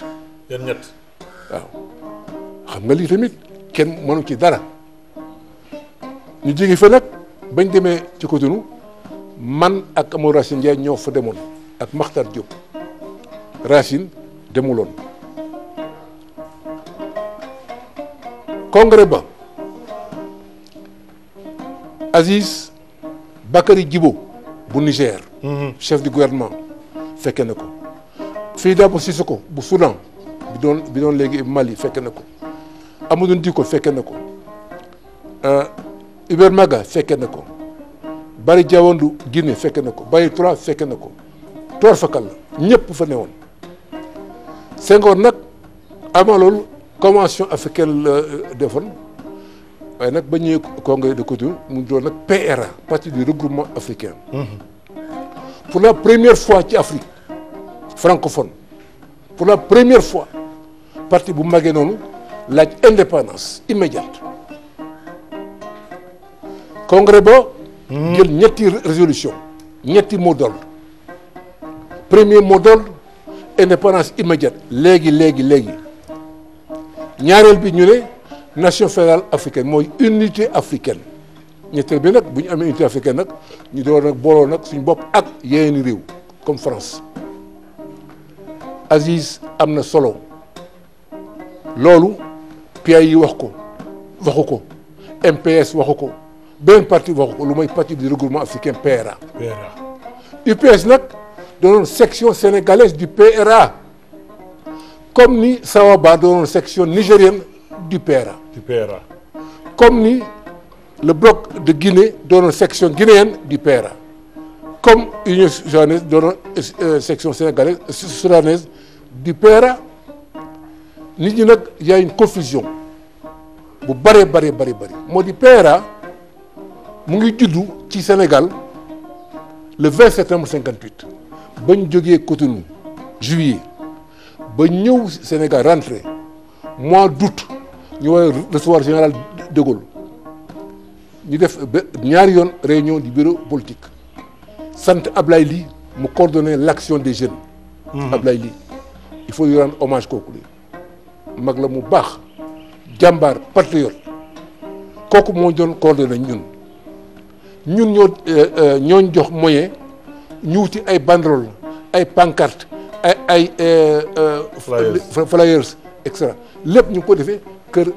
waaw xam nga lii tamit kenn mënu ci dara ñu jege fa nag. bañ demee ci Cotonou man ak Amadou Racine Ndiaye ñoo fa demoon ak Makhtar Diop Racine demuloon congrès ba Aziz Bakary Djibo bu Niger. Mhm. chef du gouvernement fekkee na ko Faidherbe Sissoko bu Soudan bi doon bi doon léegi Mali fekkee na ko Amadou Dicko fekkee na ko. Euh, Hubert Maga fekkee na ko Bari Diawandu Guinée fekkee na ko Baye Trois fekkee na ko Toor Fakal la ñëpp fa newoon Senghor nag avant loolu convention africaine la euh, waaye nag ba ñëwee congrès de couture mu doon nag PRA parti du regroupement africain mm-hmm. pour la première fois ci Afrique francophone pour la première fois parti bu magee noonu laaj indépendance immédiate congrès ba. Hmm. jël ñetti résolution ñetti mot d'ordre premier mot d'ordre indépendance immédiate léegi léegi léegi ñaareel bi ñu ne nation fédérale africaine mooy unité africaine ñetteel bi nag bu ñu amee unité africaine nag ñu doon nag booloo nag suñu bopp ak yeneen réew comme France Aziz am na solo loolu PAI yi wax ko waxu ko MPS waxu ko. benn parti waxu lu mooy parti du regroupement africain PRA. UPS nag doonoon section sénégalaise du PRA comme ni Sawaba doonoon section nigérienne du PRA. du comme ni le bloc de Guinée doonoon section guinéenne du PRA comme Union soudanaise doonoon euh, section sénégalaise soudanaise du PRA nit ñi nag y a confusion bu bëree bëri bëri bëri moo di PRA. mu ngi juddu ci Sénégal le 20 septembre 58 bañ jógee Cotonou juillet ba ñëw Sénégal rentré mois d'août ñu war a recevoir général de Gaulle ñu def ba ñaari yoon réunion di bureau politique sant Ablaye Ly mu coordonner l'action des jeunes. Mmh. Ablaye Ly il faut lui rendre hommage kooku la mag la mu baax jàmbar patriote kooku moo doon coordonner ñun. ñun ñoo euh, euh, ñooñ jox moyen ñu wuti ay banderole ay pancarte ay ay euh, flyers et cetera lépp ñu ngi ko defee kër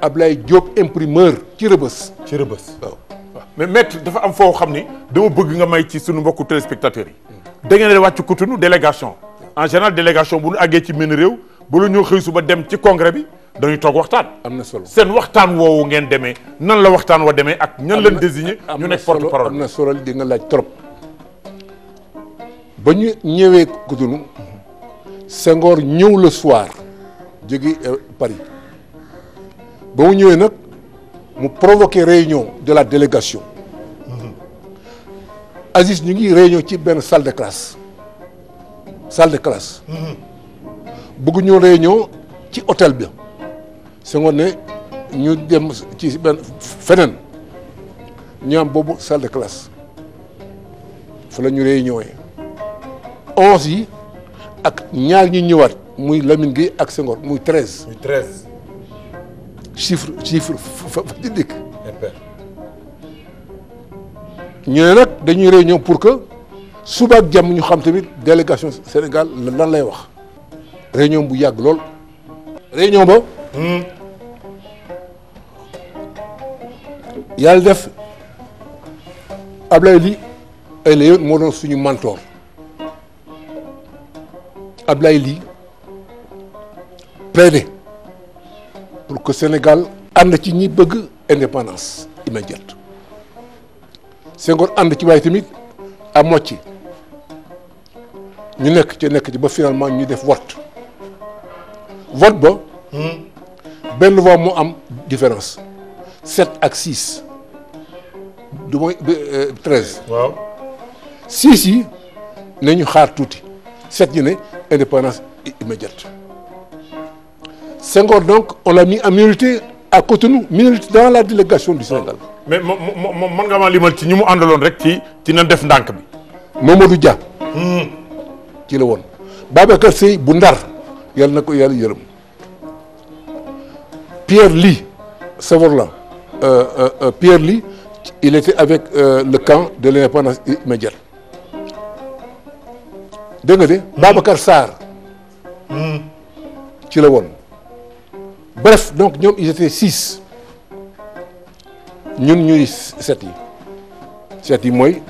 ab Ablaye Diop imprimeur ci Rebeuss ci Rebeuss waaw mais maître dafa am foo xam ni dama bëgg nga may ci suñu mbokku téléspectateurs yi da ngeen wàcc kutunu délégation en général délégation bu ñu àggee ci mën réew ba la ñoo xëy suba dem ci congrès bi dañuy toog waxtaan. am na solo seen waxtaan woowu ngeen demee nan la waxtaan wa demee ak. ñan leen désigné ñu nekk porte parole am na solo di nga laaj trop. ba ñu ñëwee Cotonou Senghor ñëw la soir jóge euh, Paris ba mu ñëwee nag mu provoqué réunion de la délégation Aziz ñu ngi réunion ci benn salle de classe salle de classe. Mhm. bëgg ñu réunion ci hôtel bi Senghor ne ñu jëmm ci feneen ñu am boobu salle de classe fa la ñu réunion yi onze yi ak ñaar ñu ñëwaat muy Lamine Gueye ak Senghor muy treize. muy treize. chiffre chiffre fa fa di dikk. ñu ne nag dañuy réunion pour que suba ak jàmm ñu xam tamit délégation Sénégal la lan lay wax. réunion bu yàgg lool réunion ba hmm. yàlla def Ablaye Ly ay la yoon moo doon suñu mentor Ablaye Ly plaidé pour que Sénégal ànd ci ñi bëgg indépendance immédiate Senghor ànd ci waaye tamit à moitié ñu nekk ci nekk ci ba finalement ñu def wot vote ba hmm. benn voix mu am différence set ak six du mooy euh, treize waaw xaar tuuti set ñu ne indépendance immédiate Senghor donc on l'a mis en minorité à Cotonou minorité dans la délégation du Sénégal ah, mais moom mën nga maa limal ci ñu mu àndaloon rek ci ci def ndànk bi Mamadou Dia hmm. la woon Babacar Seye bu Ndar yàlla na ko yàlla yërëm Pierre lii savoir la euh, euh, euh, Pierre Ly il était avec le camp de l'indépendance immédiate dégg nga de hmm. Babacar Sarr hmm. ci la woon bref donc ñoom ils étaient six ñun ñuy sept yi sept yi mooy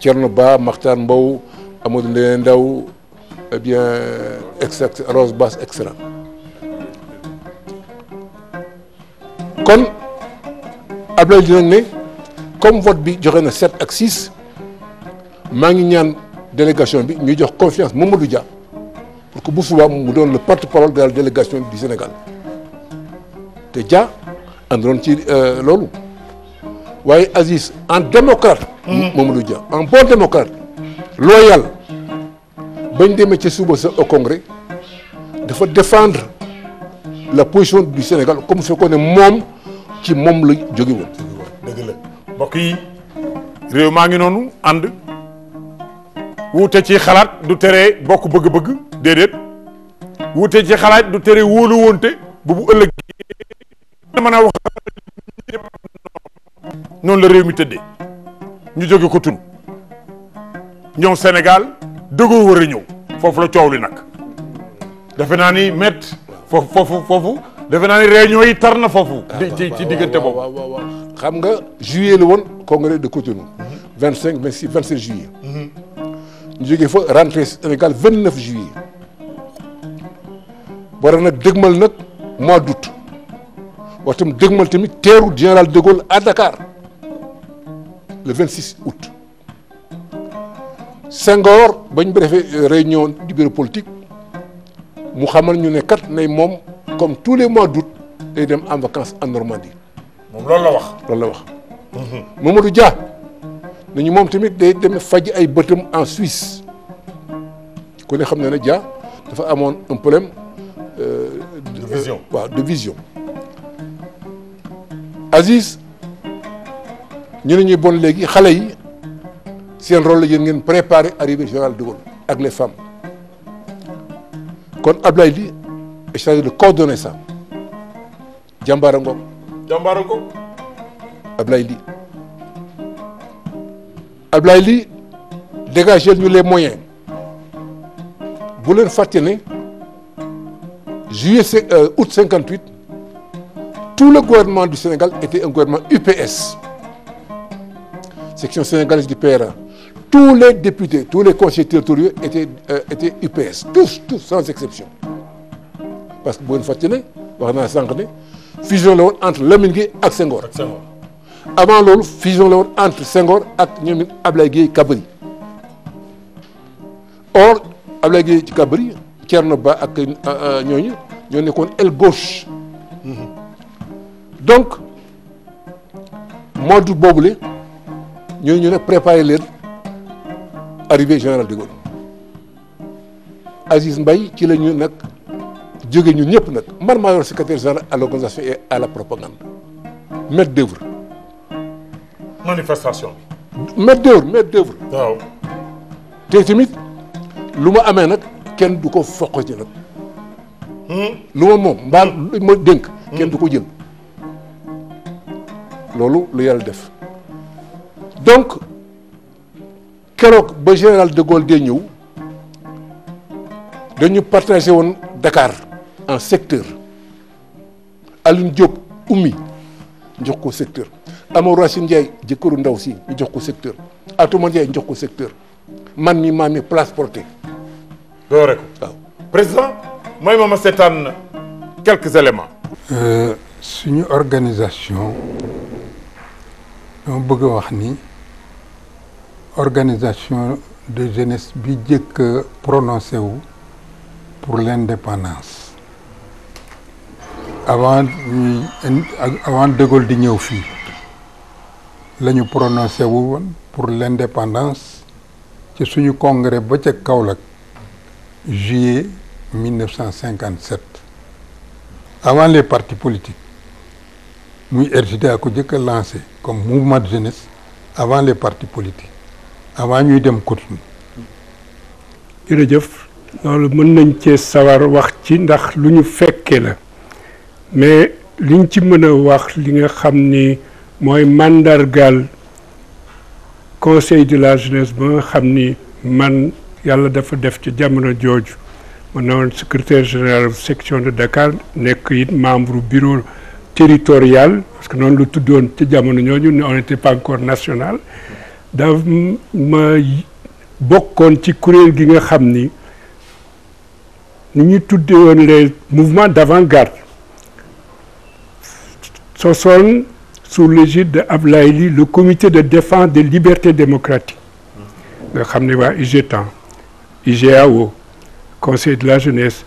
Thierno Ba Makhtar Mbow Amadou Ndeye Ndaw eh bien extract rose basse extra kon Abdoulaye dina ne comme vote bi joxe na 7 ak maa ngi ñaan délégation bi ñuy jox confiance Mamadou Dia pour que bu subaa mu doon le porte-parole de la délégation du Sénégal te Dia àndoon ci euh, loolu waaye Aziz en démocrate mm-hmm. Mamadou Dia en bon démocrate bañ demee ca suba sa au congrès dafa défendre la position du Sénégal comme su ko ne moom ci moom la jóge woon. yi réew maa ngi noonu ànd wuute ci xalaat du tere bokk bëgg-bëgg déedéet wuute ci xalaat du tere wóolu woonte bu bu ëllëg noonu la réew mi tëddee ñu jóge ko tun ñoom Sénégal. dëggoo war a ñëw foofu la coow li nag defe naa ni mett foofu foofu foofu defe naa ni réunion yi tar na foofu ci ci diggante boobu xam nga juillet la woon congrès de Cotonou vingt cinq vingt six vingt sept juillet ñu jógee fa rentrée Sénégal vingt neuf juillet war nag dëgmal nag mois d'août waxtam dëgmal tamit teeru général de Gaulle à Dakar le vingt six août Senghor bañ ba defee euh, réunion du bureau politique mu xamal ñu ne kat nay moom comme tous les mois d'août day dem en vacances en Normandie. moom loolu la wax. loolu la wax. Mhm. Mamadou jaa nañu moom tamit day dem faj ay bëtam en Suisse ku ne xam na ne Dia dafa amoon un problème. Euh, de, vision euh, waaw ñu ne ñuy bon léegi xale yi. seen rôle la yéen ngeen préparer arrivée générale de Gaulle ak les femmes kon Abdoulaye Ly est chargé de coordonner ça jàmbaara ngoog. jàmbaara ngoog. Abdoulaye Ly les moyens bu leen ne juillet euh, août tout le gouvernement du Sénégal était un gouvernement UPS section sénégalaise du PRA. tous les députés, tous les conseillers territoriaux étaient, euh, étaient UPS. Tous, tous, sans exception. Parce que bu ngeen fàttali wax sànq ne fusion la woon entre Lamine Gueye ak Senghor. ak Senghor avant loolu fusion la entre Senghor ak ñoom it Ablaye Gueye Kabari. or Ablaye Gueye ci Kabari Ba ak euh, euh, ñooñu ñoo nekkoon aile gauche. Mhm. donc mode boobule ñooñu ñu ne préparé leen. arrivé général de Gaulle Aziz Mbaye ci la ñu nag jóge ñu ñëpp nag man maa yor secrétaire général à l'organisation et à la propagande maître d'œuvre. manifestation d'œuvre maître d'œuvre. lu ma amee nag kenn du ko foq ci nag. Hmm? lu ma moom mbaa hmm. ma dénk. kenn du hmm. ko jël. loolu lu yàlla def keroog ba général de Gaulle dee ñëw dañu partagé woon Dakar en secteur Alioune Diop ummi jox ko secteur Amadou Racine Ndiaye jëkkëru ndaw si ñu jox ko secteur Atouma Ndiaye jox ko secteur man mi maa mi place portée. doore ko président mooy ma ma seetaan quelques éléments. Euh, suñu organisation dama bëgg wax ni. organisation de jeunesse bi jëkk prononcé wu pour l'indépendance avant ñuy avant de di ñëw fii la ñu prononcé wu woon pour l'indépendance ci suñu congrès ba ca Kaolack juillet 1957 avant les partis politiques muy RJD a ko jëkk a lancé comme mouvement de jeunesse avant les partis politiques avant ñuy dem Cotonou. jërëjëf loolu mën nañ cee sawar wax ci ndax lu ñu fekkee la mais liñ ci mën a wax li nga xam ni mooy màndargaal conseil de la jeunesse ba nga xam ni man yàlla dafa def ci jamono jooju ma ne woon secrétaire général section de Dakar nekk it membre bureau territorial parce que noonu lu tuddoon ci jamono ñooñu on n'était pas encore national. da ma bokkoon ci kuréel gi nga xam ni ni ñu tudde woon les mouvements d'avant-garde sosoon sous l'égide de Ablaye Ly le comité de défense des libertés démocratiques nga xam ne waa UGTAN IGAO conseil de la jeunesse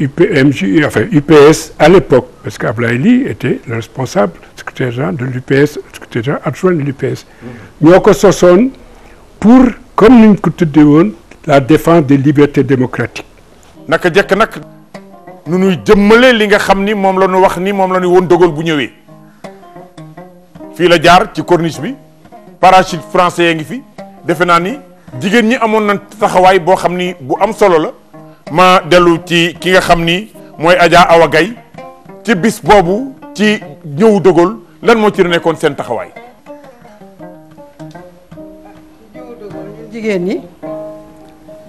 UPMJ, euh, enfin UPS à l'époque, parce qu'Ablaye Ly était le responsable secrétaire général de l'UPS, secrétaire adjoint de l'UPS. Mm-hmm. ñoo ko sosoon pour comme ni ñu ko tuddee woon la défense des libertés démocratiques. naka jëkk nag nu ñuy jëmmale li nga xam ni moom la ñu wax ni moom la ñu woon dogal bu ñëwee fii la jaar ci corniche bi parachute français yaa ngi fi defe naa ni jigéen ñi amoon na taxawaay boo xam ni bu am solo la. ma dellu ci ki nga xam ni mooy Adja Awa Gaye ci bis boobu ci ñëw dogal lan moo ci nekkoon seen taxawaay. jigéen ñi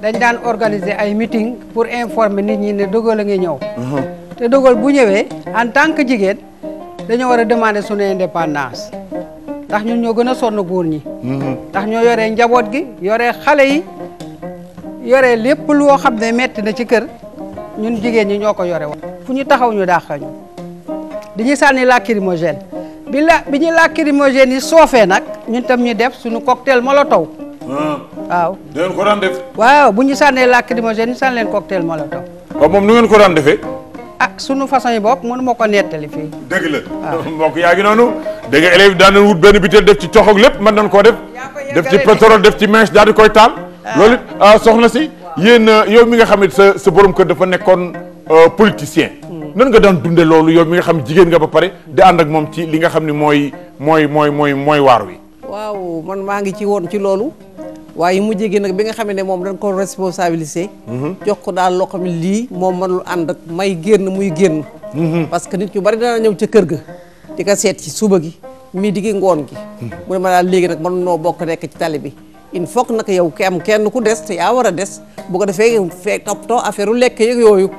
dañ daan organiser ay meeting pour informer nit ñi ne dogal a ngi ñëw. Mhm. te dogal bu ñëwee en tant que jigéen dañoo war a demander sunu indépendance ndax ñun ñoo gën a sonn góor ñi. Mhm. ndax ñoo yoree njaboot gi yoree xale yi. yore lépp lu woo xam ne metti na ci kër ñun jigéen ñi ñoo ko yore woon fu ñu taxaw ñu dàq ñu di ñu sànni lacrymogène bi la bi ñu lacrymogène yi soofee nag ñun tam ñu def suñu cocktail molotov ah. waaw di ko daan def bu ñu sànnee lacrymogène ñu sànni leen cocktail molotov waaw moom nu ngeen ko daan defee ah sunu façon yi bopp mënu ma ko nettali fii dëgg la mbokk yaa ngi noonu dégg nga élèves daan wut benn butéel def ci cox ak lépp mën nañ koo def def ci pétrole def ci mèche daa di koy taal loolu ah, soxna si yéen ah, yow mi nga xam ne sa sa borom kër dafa nekkoon euh, politicien hmm. nan nga daan dunde loolu yow mi nga xam jigéen nga ba pare di ànd ak moom ci li nga xam ne mooy mooy mooy mooy mooy waar wi waaw man maa ngi ci woon ci loolu waaye mu jege nag bi nga xam ne moom dañ ko responsabilisé hmm. jox ko daal loo xam lii moom mënul ànd ak may génn muy génn hmm. parce que nit ñu bari dana ñëw ca kër ga di ka seet ci suba gi mii digi ngoon gi mu ne ma daal léegi nag mën noo bokk nekk ci tali bi il faut nag yow ki am kenn ku des te yaa war a des bu ko defee fekk toppatoo affaire u lekk yeeg yooyu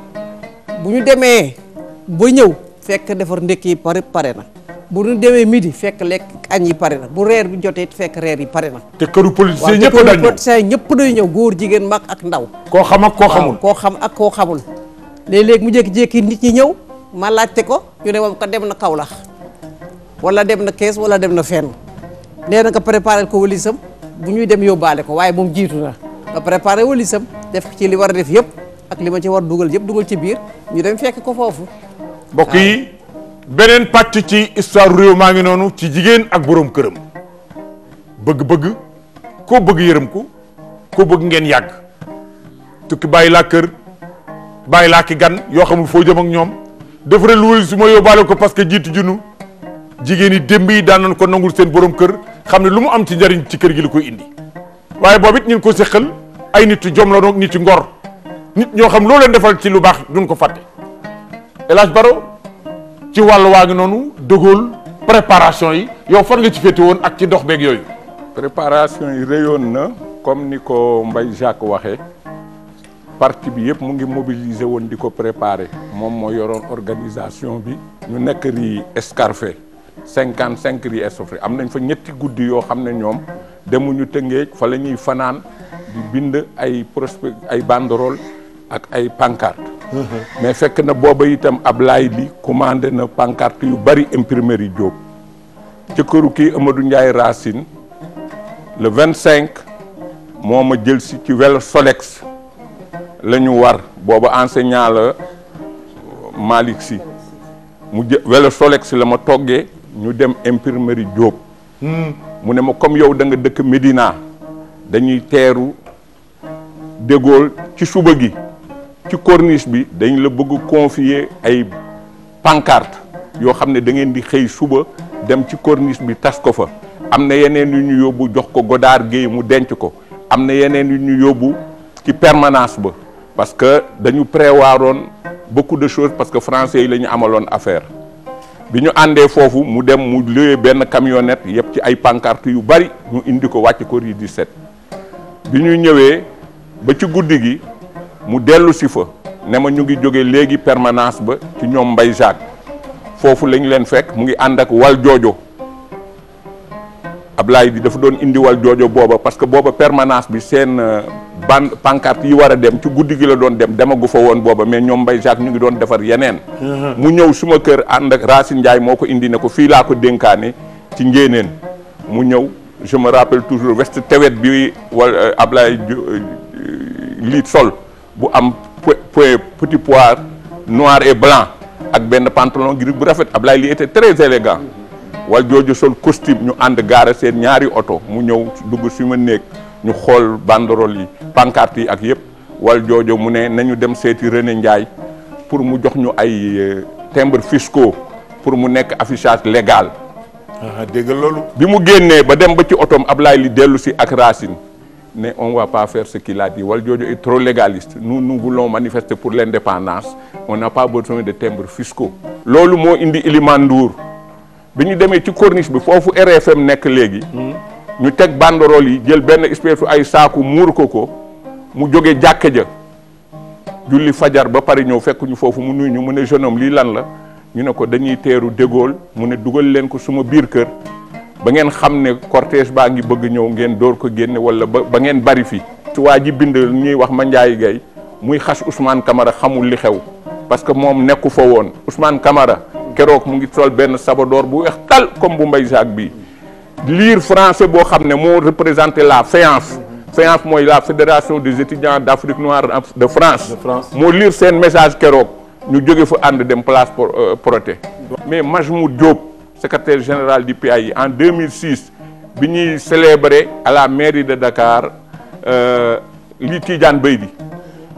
bu ñu demee ba ñëw fekk defar ndekki yi pare pare na bu ñu demee midi fekk lekk añ yi pare na bu reer bi jotee fekk reer yi pare na. te këru politicien ñëpp dañ ñëw ñëpp day ñëw góor jigéen mag ak ndaw. koo xam ak koo xamul koo xam ak koo xamul. léeg-léeg mu jékki-jékki nit ñi ñëw ma laajte ko ñu ne moom ko dem na Kaolack wala dem na Kees wala dem na fenn nee na nga préparé ko walisam bu ñuy dem yóbbaale ko waaye moom jiitu na ba préparé wu lisam def ci li war a def yëpp ak li ma ci war dugal yëpp dugal ci biir ñu dem fekk ko foofu. mbokk yi beneen pàcc ci histoire réew maa ngi noonu ci jigéen ak boroom këram bëgg-bëgg koo bëgg yërëm ko koo bëgg ngeen yàgg tukki bàyyi laa kër bàyyi laa ki gan yoo xamul foo jëm ak ñoom defaree lu wëy su ma yóbbaale ko parce que jiitu junnu jigéen yi démb yi daan nañ ko nangul seen boroom kër. xam ne lu mu am ci njariñ ci kër gi la koy indi waaye boobu it ñu ko séqal ay nit yu jom la noog nit nit ñoo xam loo leen defal ci lu baax duñ ko fàtte El Hadj Baro ci wàll waa ngi noonu dëggool préparation yi yow fan nga ci féete woon ak ci dox beeg yooyu. préparation yi reyoon na comme ni ko Mbaye Jacques waxee parti bi yëpp mu ngi mobiliser woon di ko préparer moom moo yoroon organisation bi. ñu nekk ri escarfé. cinquante cinq Rue Est am nañ fa ñetti guddi yoo xam ne ñoom demuñu Tëngéej fa la ñuy fanaan di bind ay prospect ay banderole ak ay pancarte mm-hmm. mais fekk na booba itam Ablaye bi commandé na pancarte yu bari imprimerie Diop ca ki kii Amadou Ndiaye Racine le vingt cinq moo ma jël si ci welo Solex la ñu war booba enseignant la Malick si mu jë welo Solex la ma toggee ñu dem imprimerie Diop. Hmm. mu ne ma comme yow da nga dëkk Médina dañuy teeru De ci suba gi ci corniche bi dañ la bëgg confier ay pancarte yoo xam ne da ngeen di xëy suba dem ci corniche bi tas ko fa am na yeneen yu ñu yóbbu jox ko Godard Guèye mu denc ko am na yeneen yu ñu yóbbu ci permanence ba parce que dañu prévoiroon beaucoup de choses parce que français yi la ñu amaloon affaire bi ñu àndee foofu mu dem mu luye benn camionnette yëpp ci ay pancarte yu bari ñu indi ko wàcc ko rue set bi ñuy ñëwee ba ci guddi gi mu dellu si fa ne ma ñu ngi jóge léegi permanence ba ci ñoom Mbay Jacques foofu lañ leen fekk mu ngi ànd ak wal joojo Ablaye di dafa doon indi wal joojo booba parce que booba permanence bi seen euh, ban pancarte yi war a dem ci guddi gi la doon dem demagu fa woon booba mais ñoom Mbaye Jacques ñu ngi doon defar yeneen mhm. mu ñëw suma kër ànd ak Racine Ndiaye moo ko indi ne ko fii laa ko dénkaane ci ngéeneen mu ñëw je me rappelle toujours veste tewet bi wala euh, Ablaye euh, lii sol bu am petit poire noir et blanc ak benn pantalon gris bu rafet Ablaye lii était très élégant mhm. wala jooju sol costume ñu ànd gaara seen ñaari oto mu ñëw dugg ma néeg ñu xool banderole yi pancarte yi ak yëpp wal joojo mu ne nañu dem seeti René Ndiaye pour mu jox ñu ay euh, timbres fiscaux pour mu nekk affichage légal ah, dégg loolu bi mu génnee ba dem ba ci otoom Ablaye li dellu si ak Racine ne on va pas faire ce qu'il wal joojo est trop légaliste nous nous voulons manifester pour l'indépendance on n'a pas besoin de timbres fiscaux loolu moo indi Iliman bi ñu demee ci corniche bi foofu RFM nekk léegi hmm. ñu teg banderole yi jël benn espèce su ay saaku muur ko ko mu jóge jàkka ja julli fajar ba pare ñëw fekkuñu foofu mu nuyu ñu mu ne jeune homme lii lan la ñu ne ko dañuy teeru De mu ne dugal leen ko suma biir kër ba ngeen xam ne cortège baa ngi bëgg ñëw ngeen door ko génne wala ba ba ngeen bari fi su waa ji bind ñuy wax ma Ndiaye Gaye muy xas Ousmane Camara xamul li xew parce que moom nekku fa woon Ousmane Camara keroog mu ngi sol benn sabadoor bu weex comme bu Mbaye Jacques bii liir français boo xam ne moo représenté la FEANF FEANF mooy la fédération des étudiants d' Afrique noire de France moo liir seen message keroog ñu jóge fa ànd dem place euh, Protet mais Majmout Diop secretaire général du PAI en 2006 bi ñuy célébrer à la mairie de Dakar euh, lii Tidiane Béy bi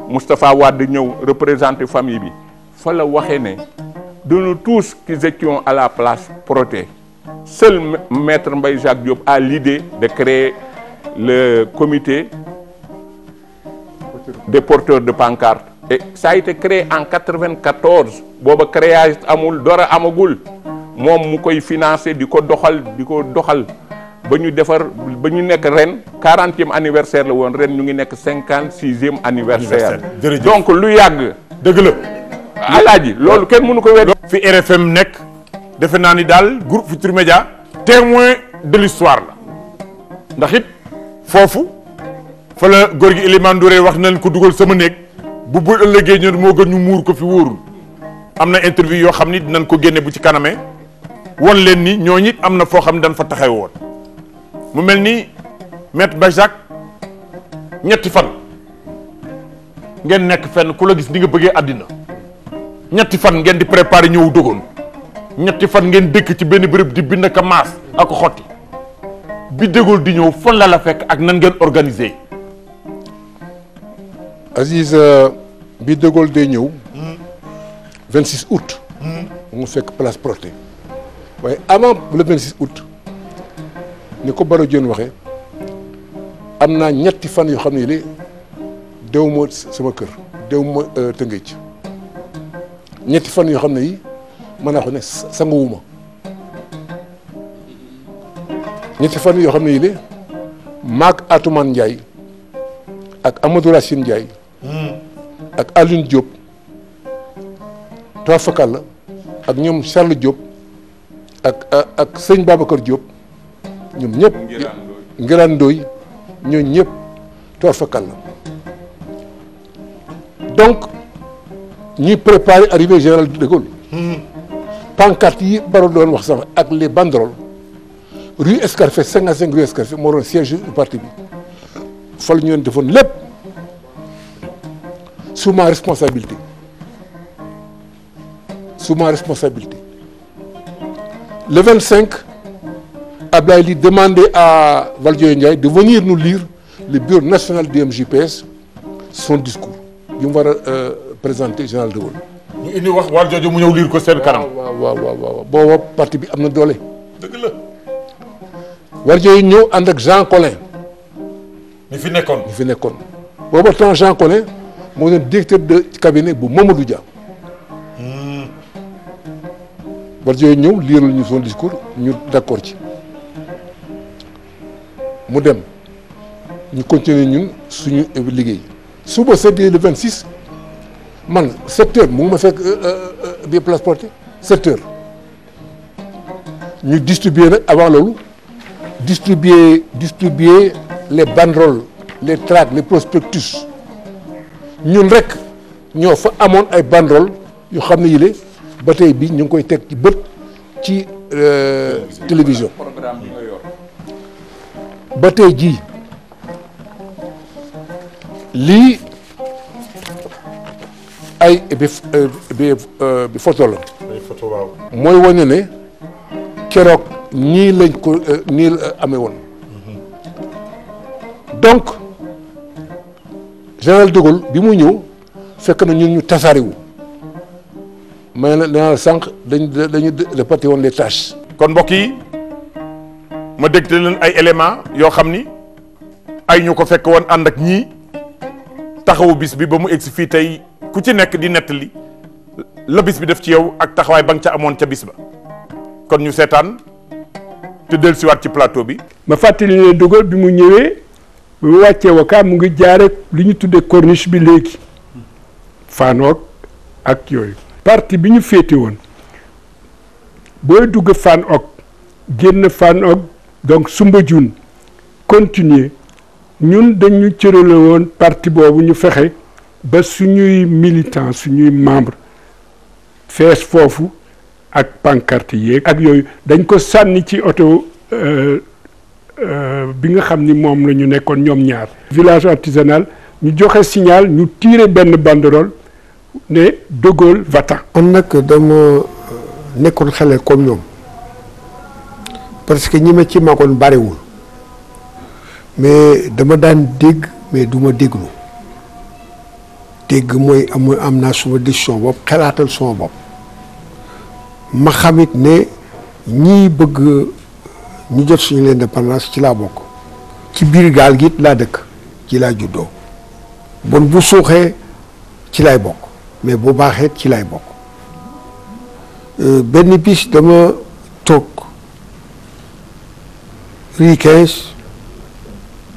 Moustapha Wade ñëw représenté famille bi fa la waxee ne de nous tous qui étions à la place Protet Seul Maître Mbaye Jacques Diop a l'idée de créer le comité des porteur de pancartes. Et ça a été créé en 94 booba créage amul dara amagul moom mu koy financé di ko doxal di ko doxal ba ñu defar ba ñu nekk ren quarantième anniversaire la woon ren ñu ngi nekk cinquante sixième anniversaire donc lu yàgg dëgg la alaaji loolu kenn mënu ko wedd fi RFM nekk defe naa ni daal groupe Futurs Médias témoin de l'histoire la ndax it foofu fa la góor gi Elimane Douré wax nañ ko dugal sama néeg bu bu ëllëgee ñun moo gën ñu muur ko fi wóorul am na interview yoo xam ni dinañ ko génne bu ci kanamee won leen nii ñooñu it am na foo xam ne dañ fa taxe woon mu mel ni maître Bajac ñetti fan ngeen nekk fenn ku la gis ni nga bëggee àddina ñetti fan ngeen di préparer ñëw dogoon ñetti fan ngeen dëkk ci benn béréb di bind ka maas ak xotti bi déggool di ñëw fon la la fekk ak nan ngeen organiser. Aziz euh, bi déggool day ñëw. 26 hmm. août. Hmm. mu fekk place Protet waaye avant le 26 août ni ko Baro Dieng waxee am naa ñetti fan yoo xam ne li dew ma sama kër dew ma euh, Tëngéej ñetti fan yoo xam ne yi. mën naa ko ne sanguwuma ñetti fan yoo xam ne yii de maak Atoumane Ndiaye ak Amadou Racine Ndiaye hmm. ak Alioune Diop Toifakal la ak ñoom Charles Diop ak ak sëñ Babacar Diop ñoom ñëpp. Ngiraan Ndoy ñooñu ñëpp Toifakal la donc ñuy préparer arrivée générale de Gaulle. Hmm. pancarte yi Barroso doon wax sama ak les banderoles rue Escarfet 55 rue Escarfet moo doon siège du parti bi fa la ñu leen defoon lépp ma responsabilité sous ma responsabilité le 25 Ablaye Ly demandait à Valdiodio Ndiaye de venir nous lire le bureau national du MJPS son discours bi mu war a euh, présenter général de Gaulle ñu indi wax waa jooju mu ñëw liir ko seen kanam. waaw booba parti bi am na doole. dëgg la. war jooju ñëw ànd ak Jean Collin. ñu fi nekkoon ñu fi nekkoon. booba temps Jean Collin moo doon directeur de cabinet bu Mamadou Dia. Hmm. war jooju ñëw liiral ñu son discours ñu d'accord ci mu dem ñu continuer ñun suñu liggéey su suba c'est vingt 26. man sept heures mu ngi ma fekk euh, euh, euh, bi place portée sept heures ñu distribuer nag avant loolu distribuer distribuer les banderoles les tracts les prospectus ñun rek ñoo fa amoon ay banderoles yu xam ne yile ba tey bi ñu ngi koy teg ci bët ci télévision ba jii lii ay bi bi bi photo la. ay mooy wane ne keroog ñii lañ ko nii la amee woon mhm. donc général de bi mu ñëw fekk na ñun ñu tasaariwu mais nag la sànq dañ dañu réparti woon les tâches. kon mbokk yi ma dégg te leen ay éléments yoo xam ni ay ñu ko fekk woon ànd ak ñii taxawu bis bi ba mu egsi fii tey. ku ci nekk di nettali la bis bi def ci yow ak taxawaay ba nga ca amoon ca bis ba kon ñu seetaan te dellusiwaat ci plateau bi. ma fàttali ne dogal bi mu ñëwee bi mu wàccee wakaam mu ngi jaare li ñu tuddee corniche bi léegi faanoog ak yooyu. parti bi ñu féete woon booy dugg fan génn fan donc sumba jun continuer ñun dañu cërale woon parti boobu ñu fexe. ba suñuy militant suñuy membre fees foofu ak pancarte yeeg ak yooyu dañ ko sànni ci oto euh, euh, bi nga xam ni moom la ñu nekkoon ñoom ñaar village artisanal ñu joxe signal ñu tiire benn banderole ne De Gaulle va-t'en nag dama euh, nekkoon xale comme ñoom parce que ñi ma ci magoon bariwul mais dama daan dégg mais duma ma déglu dégg mooy amul am naa suma décision bopp xalaatal suma bopp ma xamit ne ñii bëgg ñu jot suñu indépendance ci laa bokk ci biir gaal gi it laa dëkk ci laa juddoo bon bu suuxee ci laay bokk mais bu baaxee ci laay bokk euh, benn bis dama toog Rue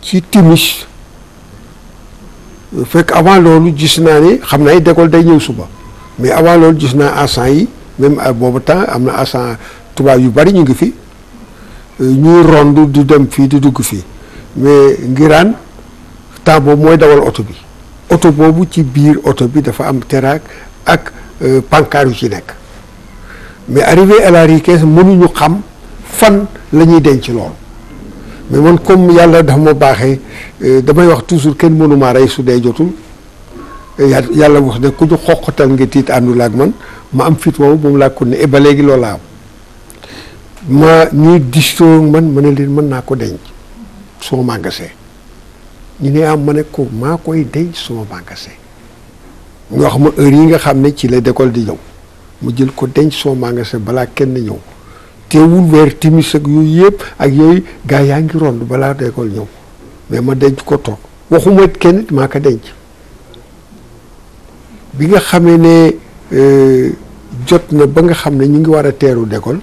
ci timis fekk avant loolu gis naa ni xam naa décolle day ñëw suba mais avant loolu gis naa agent yi même boobu temps am na agent tubaab yu bari ñu ngi fi euh, ñuy rond di dem fii di dugg fii mais ngiraan temps boobu mooy dawal oto bi oto boobu ci biir oto bi dafa am teraak ak euh, pancart yu ci nekk mais arrivé à la Ricaise mënuñu xam fan lañuy ñuy ci lool mais man comme yàlla dafa ma baaxee euh, damay wax toujours kenn mënumaa rey su dee jotul euh, yàlla wax ne ku ñu xoqatal nga tiit àndul ak man ma am fit woowu moom laa ko ne ba léegi loolu laa am ma ñuy distoo man ma ne leen mën naa ko denc suma magasin ñu ne am ah, ma ne ko maa koy denc suma magasin ñu wax ma heure yi nga xam ne ci la décolle di ñëw mu jël ko denc suma magasin balaa kenn ñëw teewul weer timis ak yooyu yëpp ak yooyu gaa yaa ngi rond balaa école ñëw mais ma denc ko toog waxuma kenn maa ko denc bi nga xam ne ne euh, jot na ba nga xam ne ñu ngi war a teeru d'école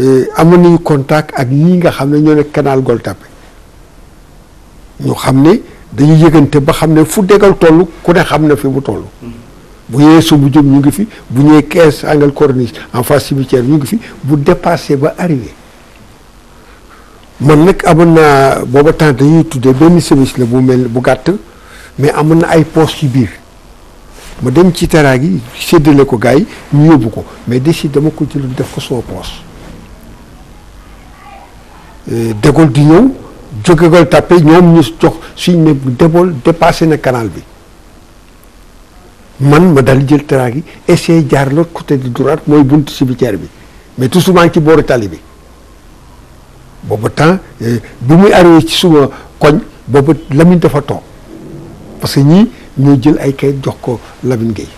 euh, amoon nañu contact ak ñii nga xam ne ñoo nekk canal Gueule-Tapée ñu xam ne dañu yëgante ba xam ne fu dégal toll ku ne xam na fi bu toll mm-hmm. bu ñëwee sumbu jub ñu ngi fi bu ñëwee quinze angle corniche en face cimetière ñu ngi fi bu dépassé ba arrivé man nag amoon naa booba temps dañuy tuddee benn service la bu mel bu gàtt mais amoon na ay poste ci biir ma dem ci taraa gi séddale ko gars yi ñu yóbbu ko mais desi dama ko jël def ko soo poos dégol di ñëw jógegol tàppe ñoom ñu jox suñ ne dégol dépassé na canal bi man ma dal jël traag yi essayer jaar l'autre côté de droite mooy buntu cimetière bi mais tout souvent ci boori tali bi boobu temps euh, bi muy arrivé ci suma koñ boobu Lamine dafa toog parce que ñii ñoo jël ay kayit jox ko Lamine Gueye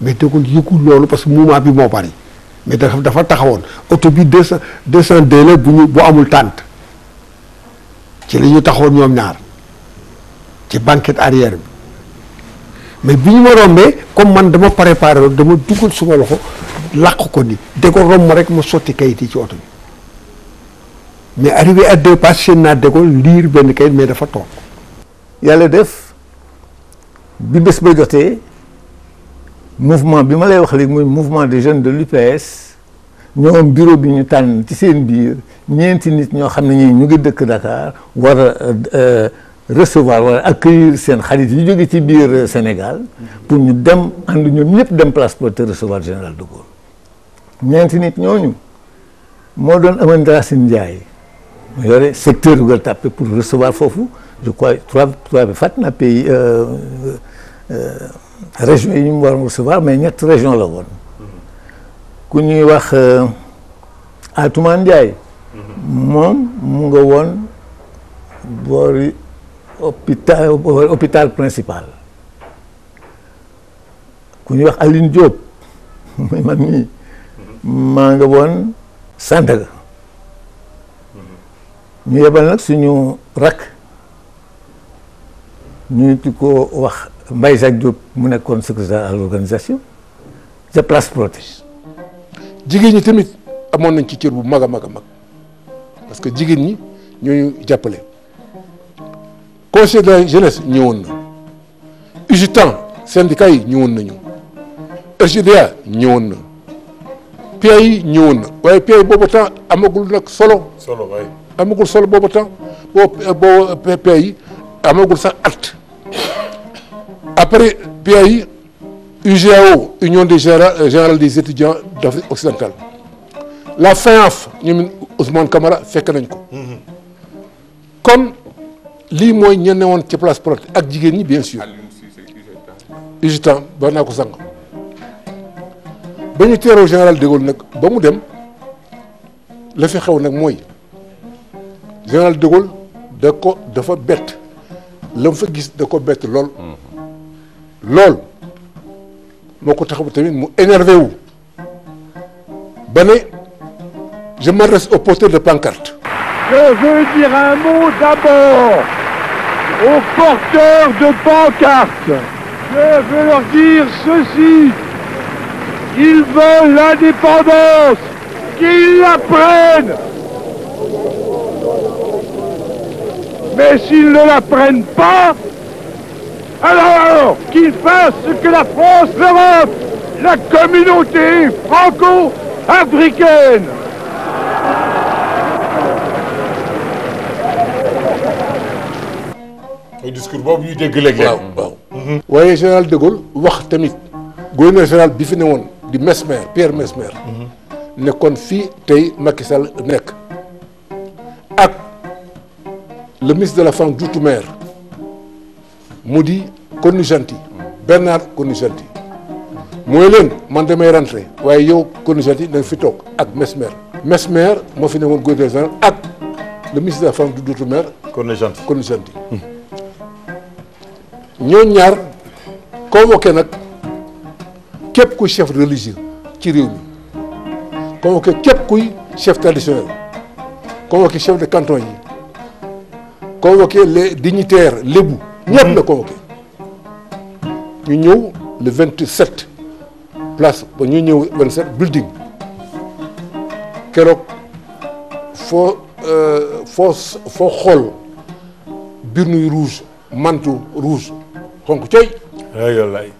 mais tegul yëgul loolu parce que moment bi moo bari mais dafa dafa taxawoon oto bi deux cent deux cent bu ñu amul tànt ci la ñu taxawoon ñoom ñaar ci banquette arrière bi mais bi ñu ma rombee comme man dama préparé dama dugal suma loxo làq ko ni de ko romb rek ma sotti kayit yi ci oto bi mais arrivé à deux pas seen naa de liir benn kayit mais dafa toog. yàlla def bi bés ba jotee mouvement bi ma lay wax léegi muy mouvement des jeunes de l'UPS ñoom bureau bi ñu tànn ci seen biir ñeenti nit ñoo xam ne ñii ñu ngi dëkk Dakar war euh, recevoir wala accueillir seen xarit yi jóge ci biir Sénégal pour ñu dem ànd ñoom ñëpp dem place porte recevoir général de ñeenti nit ñooñu moo doon aman Racine Ndiaye mu secteur Gueule Tapée pour foofu je crois trois trois bi fàtt na pays euh, euh, euh, région yi ñu war a recevoir mais ñett région la woon ku ñuy wax Atoumane Ndiaye mhm. moom mu nga woon boori hôpital principal ku ñuy wax Aline Diop mooy man mii maa nga ñu yebal nag suñu rakk ñu di ko wax Mbaye Jacques Diop mu nekkoon secrétaire à l'organisation de place protège jigéen ñi tamit amoon nañ ci cër bu mag a mag a mag parce que jigéen ñi ñooñu jàppale conseil de la jeunesse ñëwoon na UGTAN syndicat yi ñëwoon nañu RGDA ñëwoon na PAI yi ñëwoon na waaye PAI boobu temps amagul nag solo. solo waay amagul solo boobu temps boo boo PAI yi amagul sax at après PAI yi UGAO union des générale des étudiants d'Afrique occidentale la FEANF ñoom Ousmane Camara fekk nañ ko mm-hmm. lii mooy ñenn woon ci place Protet ak jigéen ñi bien sûr ugitan ba naa ko sang ba ñu teeroo général de nag ba mu dem la fi xew nag mooy général de da ko dafa bett la mu fa gis da ko bett lool mhm. lool moo ko taxaw tamit mu énervé wu ba ne je m'adresse aux porteurs de pancarte Je veux dire un mot d'abord aux porteurs de pancartes. Je veux leur dire ceci. Ils veulent l'indépendance. Qu'ils la prennent. Mais s'ils ne la prennent pas, alors qu'ils fassent ce que la France leur la communauté franco-africaine. mooy boobu ñuy dégg léeg-léeg. waaw waaw. Mm-hmm. waaye général de Gaulle wax tamit gouverneur général bi fi ne woon di Mesmer Pierre Mesmer. Mm-hmm. ne kon fii tey Macky nekk ak le ministre de la femme doutre maire mu di Konushanti mm-hmm. Bernard Konushanti mooy leen man damay rentré waaye yow Konushanti da nga fi toog ak Mesmer Mesmer moo fi ne woon gouverneur général ak le ministre de la femme d'outre-mer Konushanti Konushanti ñoo ñaar convoqué nag képp kuy chef religieux ci réew mi convoqué képp kuy chef traditionnel convoqué chef de canton yi convoqué les dignitaires lébu ñëpp mhm. la convoqué ñu ñëw le 27 place ba ñu ñëw 27 building keroog foo euh, foo foo xool birnuy rouge manteau rouge fonk coy wallaay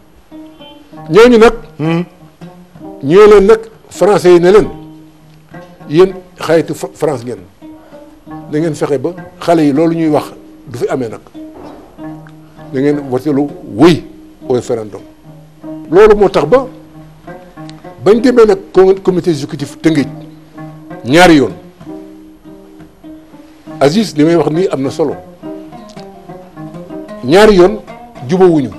ñooñu nag hmm? ñoo leen nag français yi ne leen yéen xayitu France ngeen da ngeen fexe ba xale yi loolu ñuy wax du fi amee nag da ngeen watelu wuy au référendum loolu moo tax ba bañ demee nag comité exécutif tëngéej ñaari yoon Aziz li may wax nii am na solo ñaari yoon jubawuñu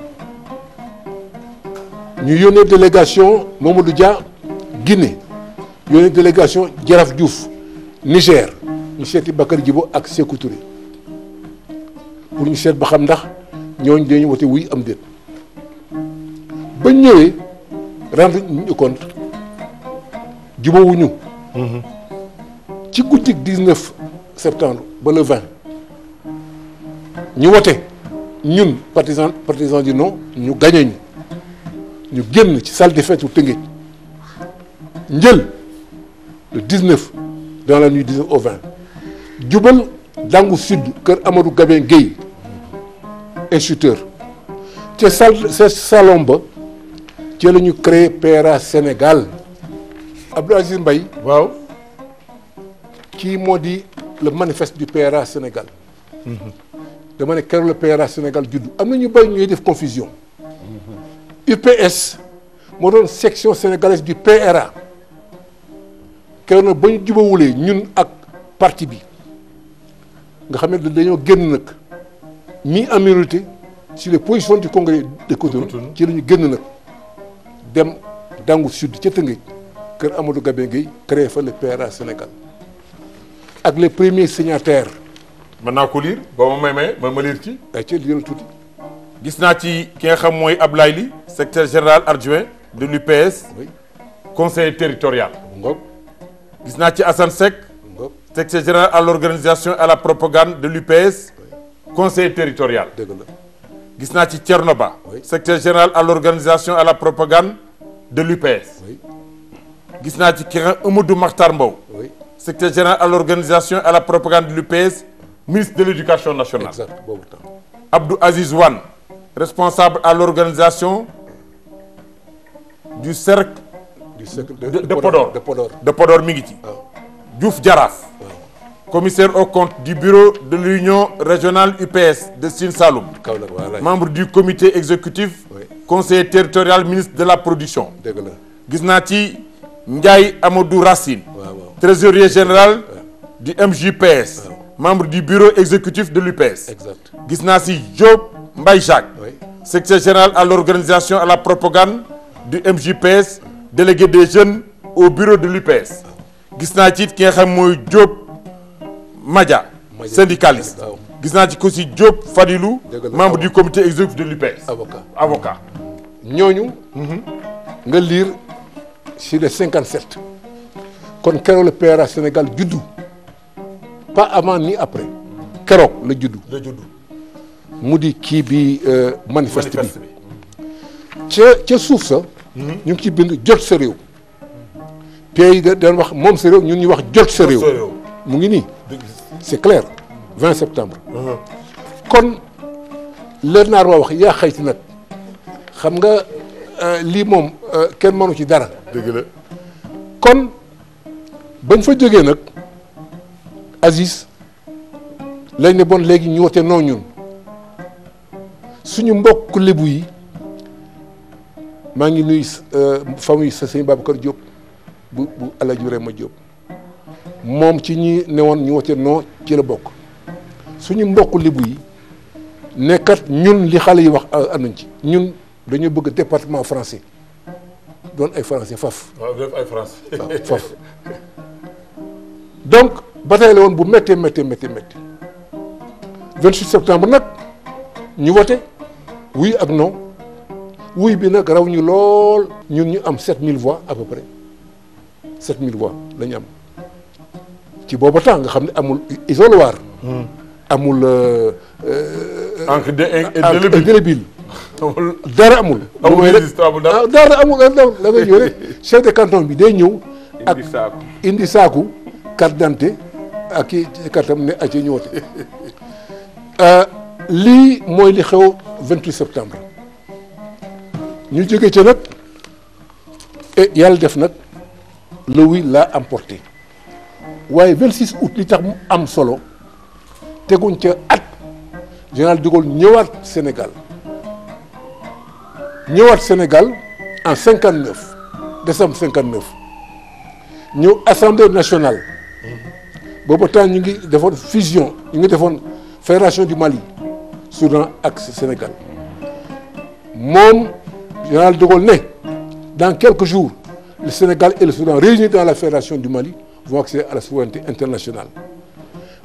ñu yónnee délégation Mamadou Dia Guinée yónnee délégation Jaraaf Diouf Niger ñu seeti Bakary Djibo ak Sékou Touré pour ñu seet ba xam ndax ñooñ dañu wote wuy am déet ba ñëwee rendre ñu compte jubawuñu mm-hmm. ci guddik 19 septembre ba le ñu wote ñun partisan partisan du non ñu gañe ñu ñu génn ci salle des fêtes wu Tëngéej njël le 19 dans la nuit 19 au 20 jubal dangu sud kër Amadou Gabin Guèye instituteur ca salle ca salon ba ci la ñu créé PRA Sénégal Abdou Aziz Mbaye waaw kii moo di la manifeste du PRA Sénégal. Mhm. dama ne keroog la PRA Sénégal juddu am na ñu bëri ñuy def confusion UPS moo doon section sénégalaise du PRA keroog nag ba ñu jubawulee ñun ak parti bi nga xam ne dañoo génn nag mi en si le les positions du congrès de Cotonou ci la ñu génn nag dem dangu sud ca Tëngéej kër Amadou Gabé Guèye créé fa le PRA Sénégal ak les premiers signataires mën naa ko liir boo ma may may ma ma liir ci. ay eh, ca gis naa ci ki nga xam mooy Ablaye Ly secrétaire général adjoint de l'UPS. oui conseiller territorial. ngoog gis naa ci Assane Seck. ngoog général à l'organisation à la propagande de l'UPS. conseiller territorial. dëgg gis naa ci Thierno Ba. secrétaire général à l'organisation à la propagande de l'UPS. gis naa ci ki nga Amadou Makhtar Mbow. oui secrétaire général à l'organisation à la propagande de l'UPS. ministre de l'éducation nationale. exact boobu tam. Abdou Aziz Wan responsable à l'organisation du cercle. de, de, de Podor de Podor de Podor mi ngi ci. Ah. Diouf Diaraf. Ah. commissaire aux comptes du bureau de l'union régionale UPS de Sine Saloum. membre du comité exécutif. Oui. conseiller territorial ministre de la production. dëgg la gis naa ci Ndiaye Amadou Racine. Ouais, trésorier général du MJPS. membre du bureau exécutif de l'UPS. exact gis naa si Diop Mbaye Jacques. oui secrétaire général à l'organisation à la propagande du MJPS délégué des jeunes au bureau de l'UPS. gis naa ci ki nga xam mooy Diop Madia. syndicaliste gis naa ci ko si Diop Fadilou. membre du comité exécutif de l'UPS. avocat avocat. ñooñu. Mhm. nga lire sur les 57. kon keroog la PRA juddu. pas avant ni après keroog la juddu la juddu mu di kii bi euh, manifeste bi ca ca suuf sa hmm? ñu ngi ci bind jot sa réew pays da daan wax moom sa réew ñun ñu wax jot sa réew mu ngi nii c'est clair 20 septembre uh-huh. kon leer naar waa wax yaa xayti nag xam nga euh, lii moom euh, kenn mënu ci dara kon bañ fa jógee nag asis lañ ne bon léegi ñu wote noo ñun suñu mbokk lébu yi maa ngi nuyu euh, famille sa sëñ Babacar Diop bu bu El Hadj Rema Diop moom ci ñu ne woon ñu wote noo ci la bokk suñu mbokk lébu yi nekkat ñun li xale yi wax euh, anuñ ci ñun dañu bëgg département français doon ay français faf ay français faf donc bataille la woon bu méttee méttee méttee vingt 28 septembre nag ñu wote oui ak non oui bi nag raw ñu lool ñun ñu am set mille à peu près 7000 voix la ñu am ci booba temps nga xam ne amul isoloir. amul. Euh, euh, encre indélébile dara amul. amul résistable ah, dara amul da ngay ñëw rek chef de canton bi day ñëw. ak indi saaku carte d'identité ak kii ci kartam ne aci ñu euh, lii mooy li xew 28 septembre ñu jóge ca nag eh, yàlla def nag le l'a emporté waaye 26 août li tax am solo teguñ ca at général de ñëwaat Sénégal ñëwaat Sénégal en 59 décembre 59 ñëw assemblée nationale. Mm-hmm. boobu temps ñu ngi defoon fusion ñu ngi defoon fédération du Mali Soudan ak Sénégal moom général de Gaulle ne dans quelques jours le Sénégal et le Soudan réunis dans la fédération du Mali vont accéder à la souveraineté internationale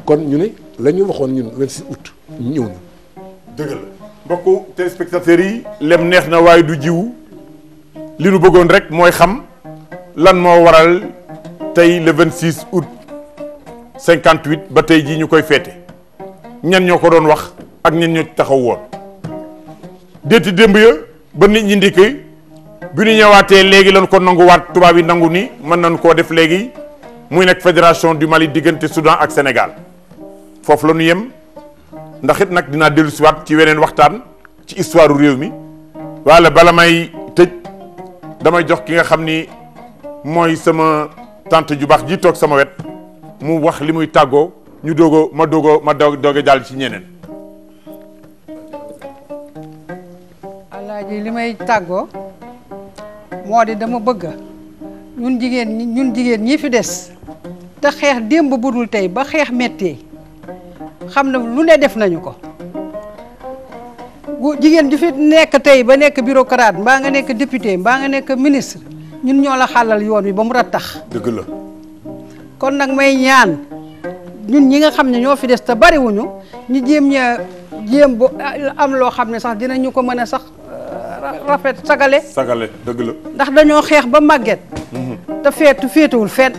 kon ñu ni la waxoon ñun 26 août ñëw na. dëgg la mbokku téléspectateurs yi lem neex na waaye du jiw li nu bëggoon rek mooy xam lan moo waral tey le 26 août. 58 ba tey jii ñu koy feete ñan ñoo ko doon wax ak ñan ñoo taxaw woon déeti démb ya ba nit ñi ndikk bi ñu ñëwaatee léegi lañ ko nanguwaat tubaab yi nangu ni mën nañu koo def léegi muy nekk fédération du Mali diggante Soudan ak Sénégal foofu la yem ndax it nag dinaa dellu siwaat ci weneen waxtaan ci histoire réew mi wala bala may tëj damay jox ki nga xam ni mooy sama tant ju baax ji toog sama wet mu wax li muy tàggoo ñu doogoo ma doogoo ma doog doog jàll ci ñeneen. alaaji li may tàggoo moo de dama bëgg ñun jigéen ñi ñun jigéen ñi fi des te xeex démb bu dul tey ba xeex mettee xam na lu ne def nañu ko. jigéen ju fi nekk tey ba nekk bureaucrate mbaa nga nekk député mbaa nga nekk ministre ñun ñoo la xàllal yoon wi ba mu tax dëgg la. kon nag may ñaan ñun ñi nga xam ne ñoo fi des te bariwuñu ñu jéem ña jéem bu am loo xam ne sax dinañu ko mën a sax euh, rafet sagale sagale dëgg la ndax dañoo xeex ba màgget mm-hmm. te feetu féetuwul fen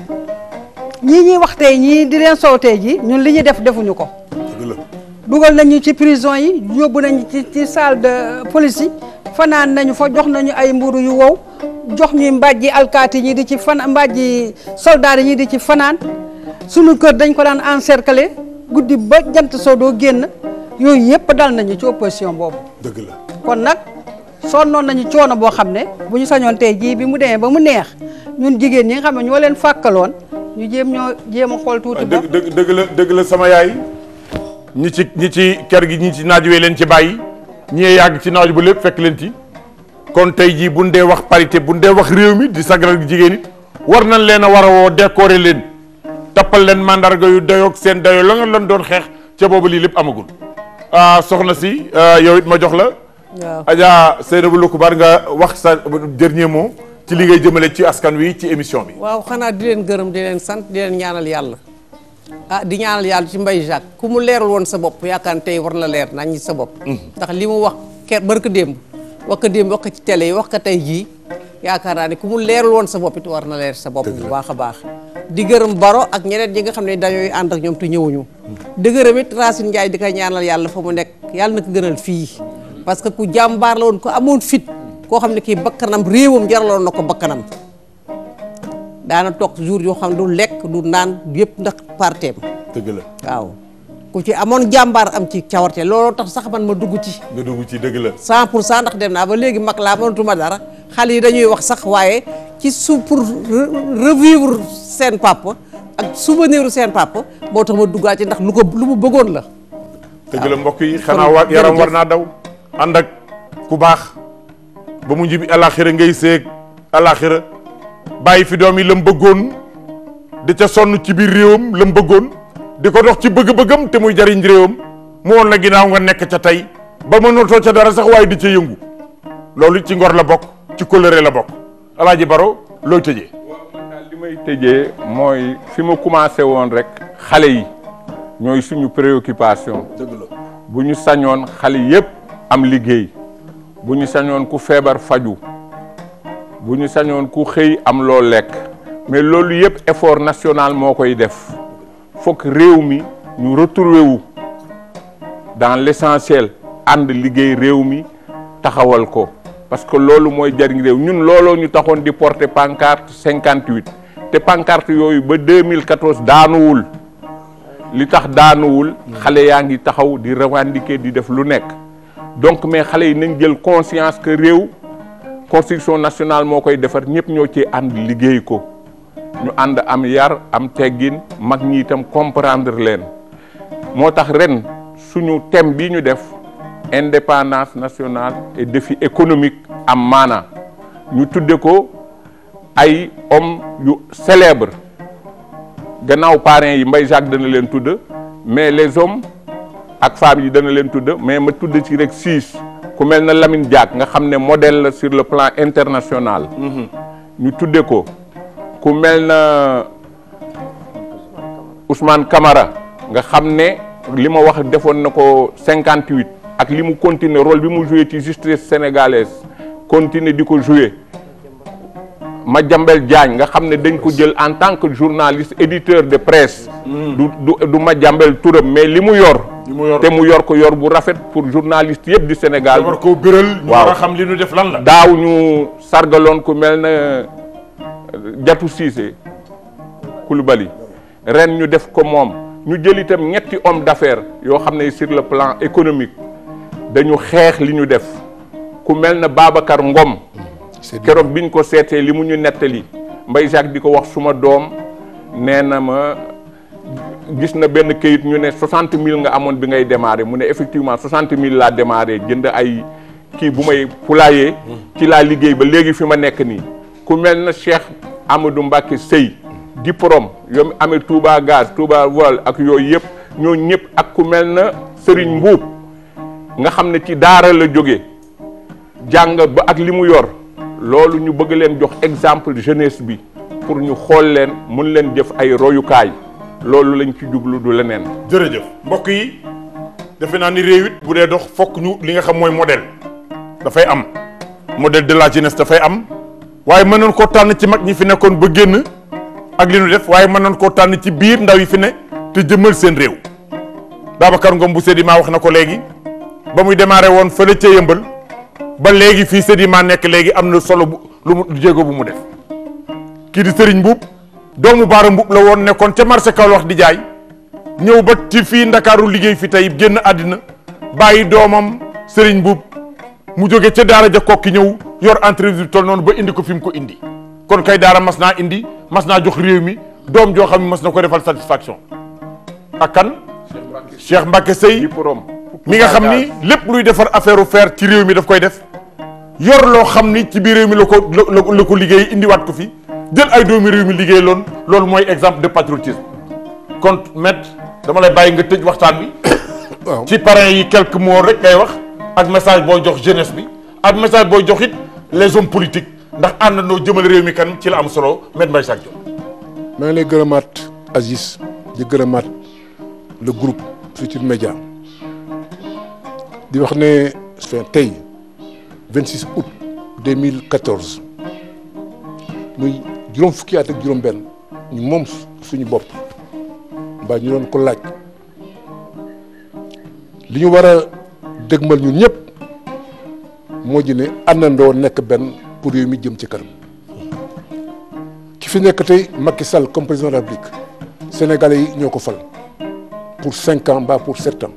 ñi ñuy wax tey ñii di leen sowtee ji ñun li ñu def defuñu ko dugal nañu ci prison yi yóbbu nañu ci ci salle de police yi fanaan nañu fa jox nañu ay mburu yu wow jox ñuy mbàjji alkaati ñi di ci fan mbàjji soldaar yi di ci fanaan suñu kër dañ ko daan encercler guddi ba jant soo doo génn yooyu yëpp dal nañu ci opposition boobu. dëgg la kon nag sonnoon nañu coono boo xam ne bu ñu sañoon tey jii bi mu demee ba mu neex ñun jigéen ñi xam ne ñoo leen fàkkaloon ñu jéem ñoo jéem a xool tuuti. ba dëgg la dëgg la sama yaay. ñi ci ñi ci kër gi ñi ci naaj wee leen ci bàyyi ñee yàgg ci naaj bu lépp fekk leen ci. kon tey jii buñ dee wax parité bu buñ dee wax réew mi di sagal jigéen it war nañ leen a war a woo décorer leen tappal leen mandarga yu dayoog seen dayoo la nga lan doon xeex ca boobu lii lépp amagul ah, soxna si ah, yow it ma jox la. waaw Adja Seynabou Lokoubar nga wax sa dernier mot ci li ngay jëmale ci askan wi ci émission bi. waaw xanaa di leen gërëm di leen sant di leen ñaanal yàlla ah di ñaanal yàlla ci Mbaye Jacques ku mu leerul woon sa bopp yaakaar tey war na leer nañ sa bopp. Mhm. ndax li mu wax ker barke démb. wax ko démb wax ko ci télé yi wax ka tey jii yaakaar naa ne ku mu leerul woon sa boppit war na leer sa bopp bu baax a baax di gërëm baro ak ñeneen ñi nga xam ne dañooy ànd ak ñoom te ñëwuñu di gërëm it Racine Ndiaye di koy ñaanal yàlla fa mu nekk yàlla na ko gënal fii parce que ku baar la woon ko amoon fit koo xam ne kii bakkanam réewam jaraloon na ko bakkanam daana toog jour yoo xam du lekk du naan yëpp ndax parteem dëgg la waaw ku ci amoon jàmbaar am ci cawarte looloo tax sax man ma dugg ci. nga dugg ci dëgg la. 100 pour cent ndax dem naa ba léegi mag laa mënatuma dara xal yi dañuy wax sax waaye ci su pour revivre seen papa ak souvenir seen papa moo tax ma duggaat ci ndax lu ko lu mu bëggoon la. dëgg la mbokk yi xanaa yaram war naa daw. ànd ak ku baax ba mu njibi alaxira ngay seeg alaxira bàyyi fi doom yi la mu bëggoon sonn ci biir réewam la mu di ko dox ci bëgg-bëggam te muy jariñ réewam mu woon la ginnaaw nga nekk ca tey ba mënatoo ca dara sax waaye di ca yëngu loolu ci ngor la bokk ci colère la bokk Alaaji Baro looy tëjee. li may tëjee mooy fi ma commencé woon rek xale yi ñooy suñu préoccupation. dëgg bu ñu sañoon xale yëpp am liggéey bu ñu sañoon ku feebar faju bu ñu sañoon ku xëy am loo lekk mais loolu yëpp effort national moo koy def. faut réew mi ñu retrouver wu dans l'essentiel ànd liggéey réew mi taxawal ko parce que loolu mooy jariñ réew ñun looloo ñu taxoon di porter pancarte 58 te pancarte yooyu ba 2014 daanuwul li tax daanuwul xale yaa ngi taxaw di revendiquer di def lu nekk donc mais xale yi nañ jël conscience que réew constitution nationale moo koy defar ñëpp ñoo ci ànd liggéey ko ñu ànd am yar am teggin mag ñi itam comprendre leen moo tax ren suñu thème bi ñu def indépendance nationale et défi économique am maana ñu tuddee ko ay om yu célèbre gannaaw parrain yi Mbaye Jacques dana leen tudd mais les hommes ak femmes yi dana leen tudd mais ma tudd ci rek six ku mel na lamin Diack nga xam ne modèle la sur le plan international mm-hmm. ñu tudde ko ku mel na Ousmane Camara nga xam ne li ma wax defoon na ko cinquante huit ak li mu continuer role bi mu joué ci justice sénégalaise continuer di ko ma Madiambel Diagne nga xam ne dañ ko jël en tant que journaliste éditeur de presse mm. du du Madiambel turam mais li mu yor te mu yor ko yor bu rafet pour journaliste yëpp di Sénégal war a xam daaw ñu sargaloon ku mel na jatu Cissé Koulibaly ren ñu def ko moom ñu jël itam ñetti homme d'affaires yoo xam ne sur le plan économique dañu xeex li ñu def ku mel na Babacar Ngom keroog biñ ko seetee li mu ñu nettali Mbaye Jacques di ko wax suma doom nee na ma gis na benn kayit ñu ne soixante mille nga amoon bi ngay démarré mu ne effectivement soixante mille laa démarré jënd ay kii bu may poulailler. Mm. ci laa liggéey ba léegi fi ma nekk nii ku mel na Cheikh Amadou Mbacke Sey diplôme yow mi amee Touba gaz Touba voile ak yooyu yëpp ñoo ñëpp ak ku mel na Serigne Mbuub nga xam ne ci daara la jóge jàng ba ak li mu yor loolu ñu bëgg leen jox exemple jeunesse bi pour ñu xool leen mun leen jëf ay royukaay loolu lañ ci jublu du leneen. jërëjëf mbokk yi defe naa ni réew bu dee dox fokk ñu li nga xam mooy modèle dafay am modèle de la jeunesse dafay am. waaye mënoon koo tànn ci mag ñi fi nekkoon ba génn ak li nu def waaye nañ koo tànn ci biir ndaw yi fi ne te jëmmal seen réew Babacar Ngom bu Sedima wax na ko léegi ba muy démarré woon fële ca yëmbal ba léegi fii Sedima nekk léegi am na solo bu lu mu jéego bu mu def kii di Serigne Mbuub doomu Baara mbub la woon nekkoon ca marché Kaolack di jaay ñëw ba ci fii Ndakaaru liggéey fi tey génn àddina bàyyi doomam Serigne Mbuub mu jóge ca daara ja kokki ñëw yor entreprise bi toll noonu ba indi ko fi mu ko indi kon kay daara mas naa indi mas naa jox réew mi doom joo xam ne mas na ko defal satisfaction ak kan Cheikh Mbacke Seye mi nga xam ni lépp luy defar affaire u fer ci réew mi daf koy def yor loo xam ni ci biir réew mi la ko la ko liggéey indiwaat ko fi jël ay doomi réew mi liggéey loon loolu mooy exemple de patriotisme kon maître dama lay bàyyi nga tëj waxtaan bi ci parrain yi quelques mots rek ngay wax ak message boo jox jeunesse bi ak message boo jox les hommes politiques ndax ànd noo jëmal réew mi kan ci la am solo Maître Mbaye Jacques Diop. maa ngi lay gërëmaat Aziz di gërëmaat le groupe Futurs média di wax ne fin tey 26 août 2014 muy juróom fukki at juróom-benn ñu moom suñu bopp mbaa ñu doon ko laaj li ñu war a dëgmal ñun ñëpp. moo ji ne àndandoo nekk benn pour réew mi jëm ci kanam ki fi nekk tey Macky sal comme président la République sénégalais yi ñoo ko fal pour cinq ans mbaa pour sept ans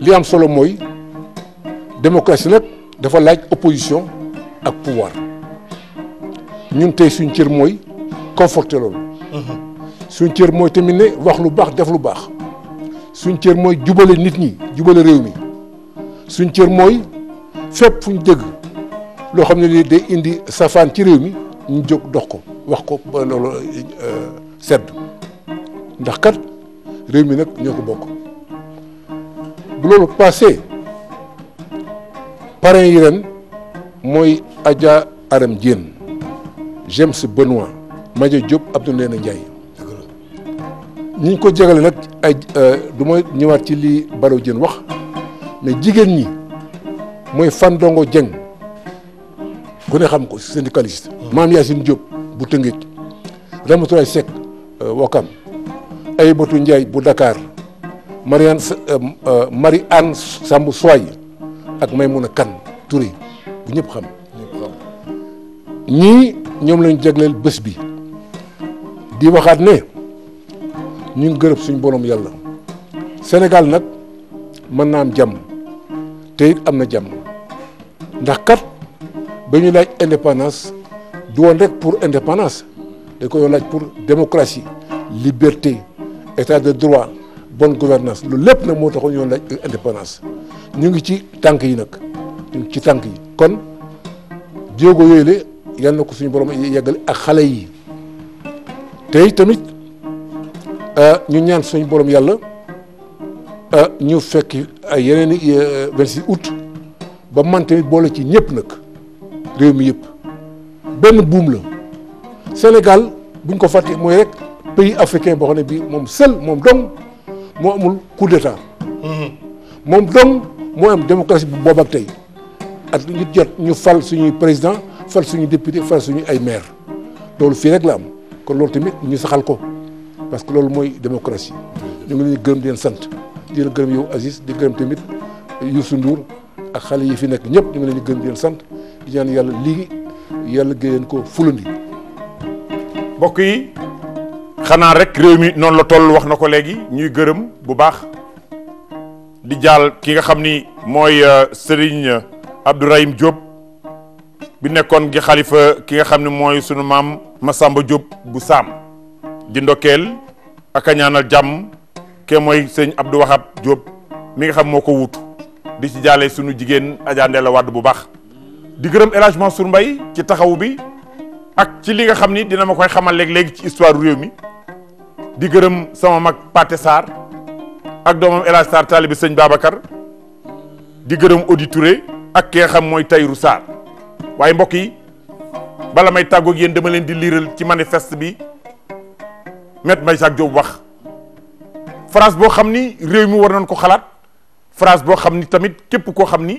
li am solo mooy démocratie nag dafa laaj opposition ak pouvoir ñun tey suñ cër mooy conforter loolu. suñ cër mooy tamit ne wax lu baax def lu baax suñ cër mooy jubale nit ñi jubale réew mi suñ cër mooy. fépp fu ñu dégg loo xam ne lii day indi safaan ci réew mi ñu jóg dox ko wax ko ba loolu euh, sedd ndax kat réew mi nag ñoo ko bokk bu loolu passé parrain yi mooy Adja Aram Diène James Benoît Madia jóg Abdou Ndéné Ndiaye ñi ñu ko jagale nag ay euh, du ma ñëwaat ci li Baro Diène wax mais jigéen ñi mooy Fandongo Dieng ku ne xam ko syndicaliste. Ah. maam Yacine Diop bu Tëngéej. Ramatoulaye Seck euh, ay bëtu Ndiaye bu dakaar Mariane euh, euh, Marie Anne Samb Soy ak Maymouna kan Touré bu ñëpp xam. ñii ñoom lañu jagleel bés bi di waxaat ne ñu ngi gërëm suñu borom yàlla senegal nag mën naa am jàmm. te am na jàmm ndax kat ba ñu laaj indépendance du woon rek pour indépendance dañ ko doon laaj pour démocratie liberté état de droit bonne gouvernance lu lépp nag moo taxoon ñu doon laaj indépendance ñu ngi ci tànk yi nag ñu ngi ci tànk yi kon jéego yooyu la yal na ko suñu borom yeggale ak xale yi tey tamit euh, ñu ñaan suñu borom yàlla. Ah, ñu fekk ay yeneen i 26 eh, août ba man tamit boole ci ñëpp nag réew mi yëpp benn buum la Sénégal buñ ko fàtte mooy rek pays africain boo xam ne bii moom seul moom dong moo amul coup d'état mhm. moom dong moo am démocratie bu boob ak tey at ñu jot ñu fal suñuy président fal suñu député fal suñu ay maire loolu fii rek la am kon loolu tamit ñu saxal ko parce que loolu mooy démocratie mhm. ñu ngi leen gërëm di leen sant di gërëm yow Aziz di gërëm tamit Youssou Ndour ak xale yi fi nekk ñëpp ñu ngi leen di gërëm di sant di yàlla léegi yàlla géyeen ko fulandi mbokk yi xanaa rek réew mi noonu la toll wax na ko léegi ñuy gërëm bu baax di jaal ki nga xam ni mooy euh, sëriñ Abdourahim Diop bi nekkoon gi xalifa ki nga xam ni mooy sunu maam ma sàmba Diop bu saam di ndokkeel ak a ñaanal jàmm ke mooy sëñ Abdou Wahab Diop mi ngi xam moo ko wuutu di ci jaale suñu jigéen Adja Ndella Wade bu baax di gërëm El Hadj mbay ci taxaw bi ak ci li nga xam ni dina ma koy xamal léeg-léegi ci histoire réew mi di gërëm sama mag Pathé Sarr ak doomam El Hadj Sarr sëñ Babacar di gërëm Audi Touré ak ki nga xam mooy Tayrou Sarr waaye mbokk yi bala may tàggoog yéen dama leen di liiral ci manifeste bi Maître Maïssa Diop wax phrase boo xam ni réew mi war nañ ko xalaat phrase boo xam ni tamit képp koo xam ni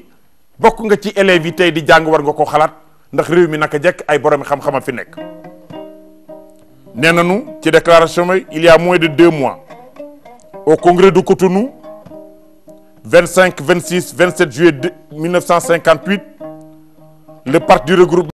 bokk nga ci élèves yi tey di jàng war nga ko xalaat ndax réew mi naka jekk ay borom xam-xam a fi nekk. nee nañu ci déclaration bi il y a moins de deux mois au congrès de Cotonou 25 26 27 juillet 1958 le part du regroupement.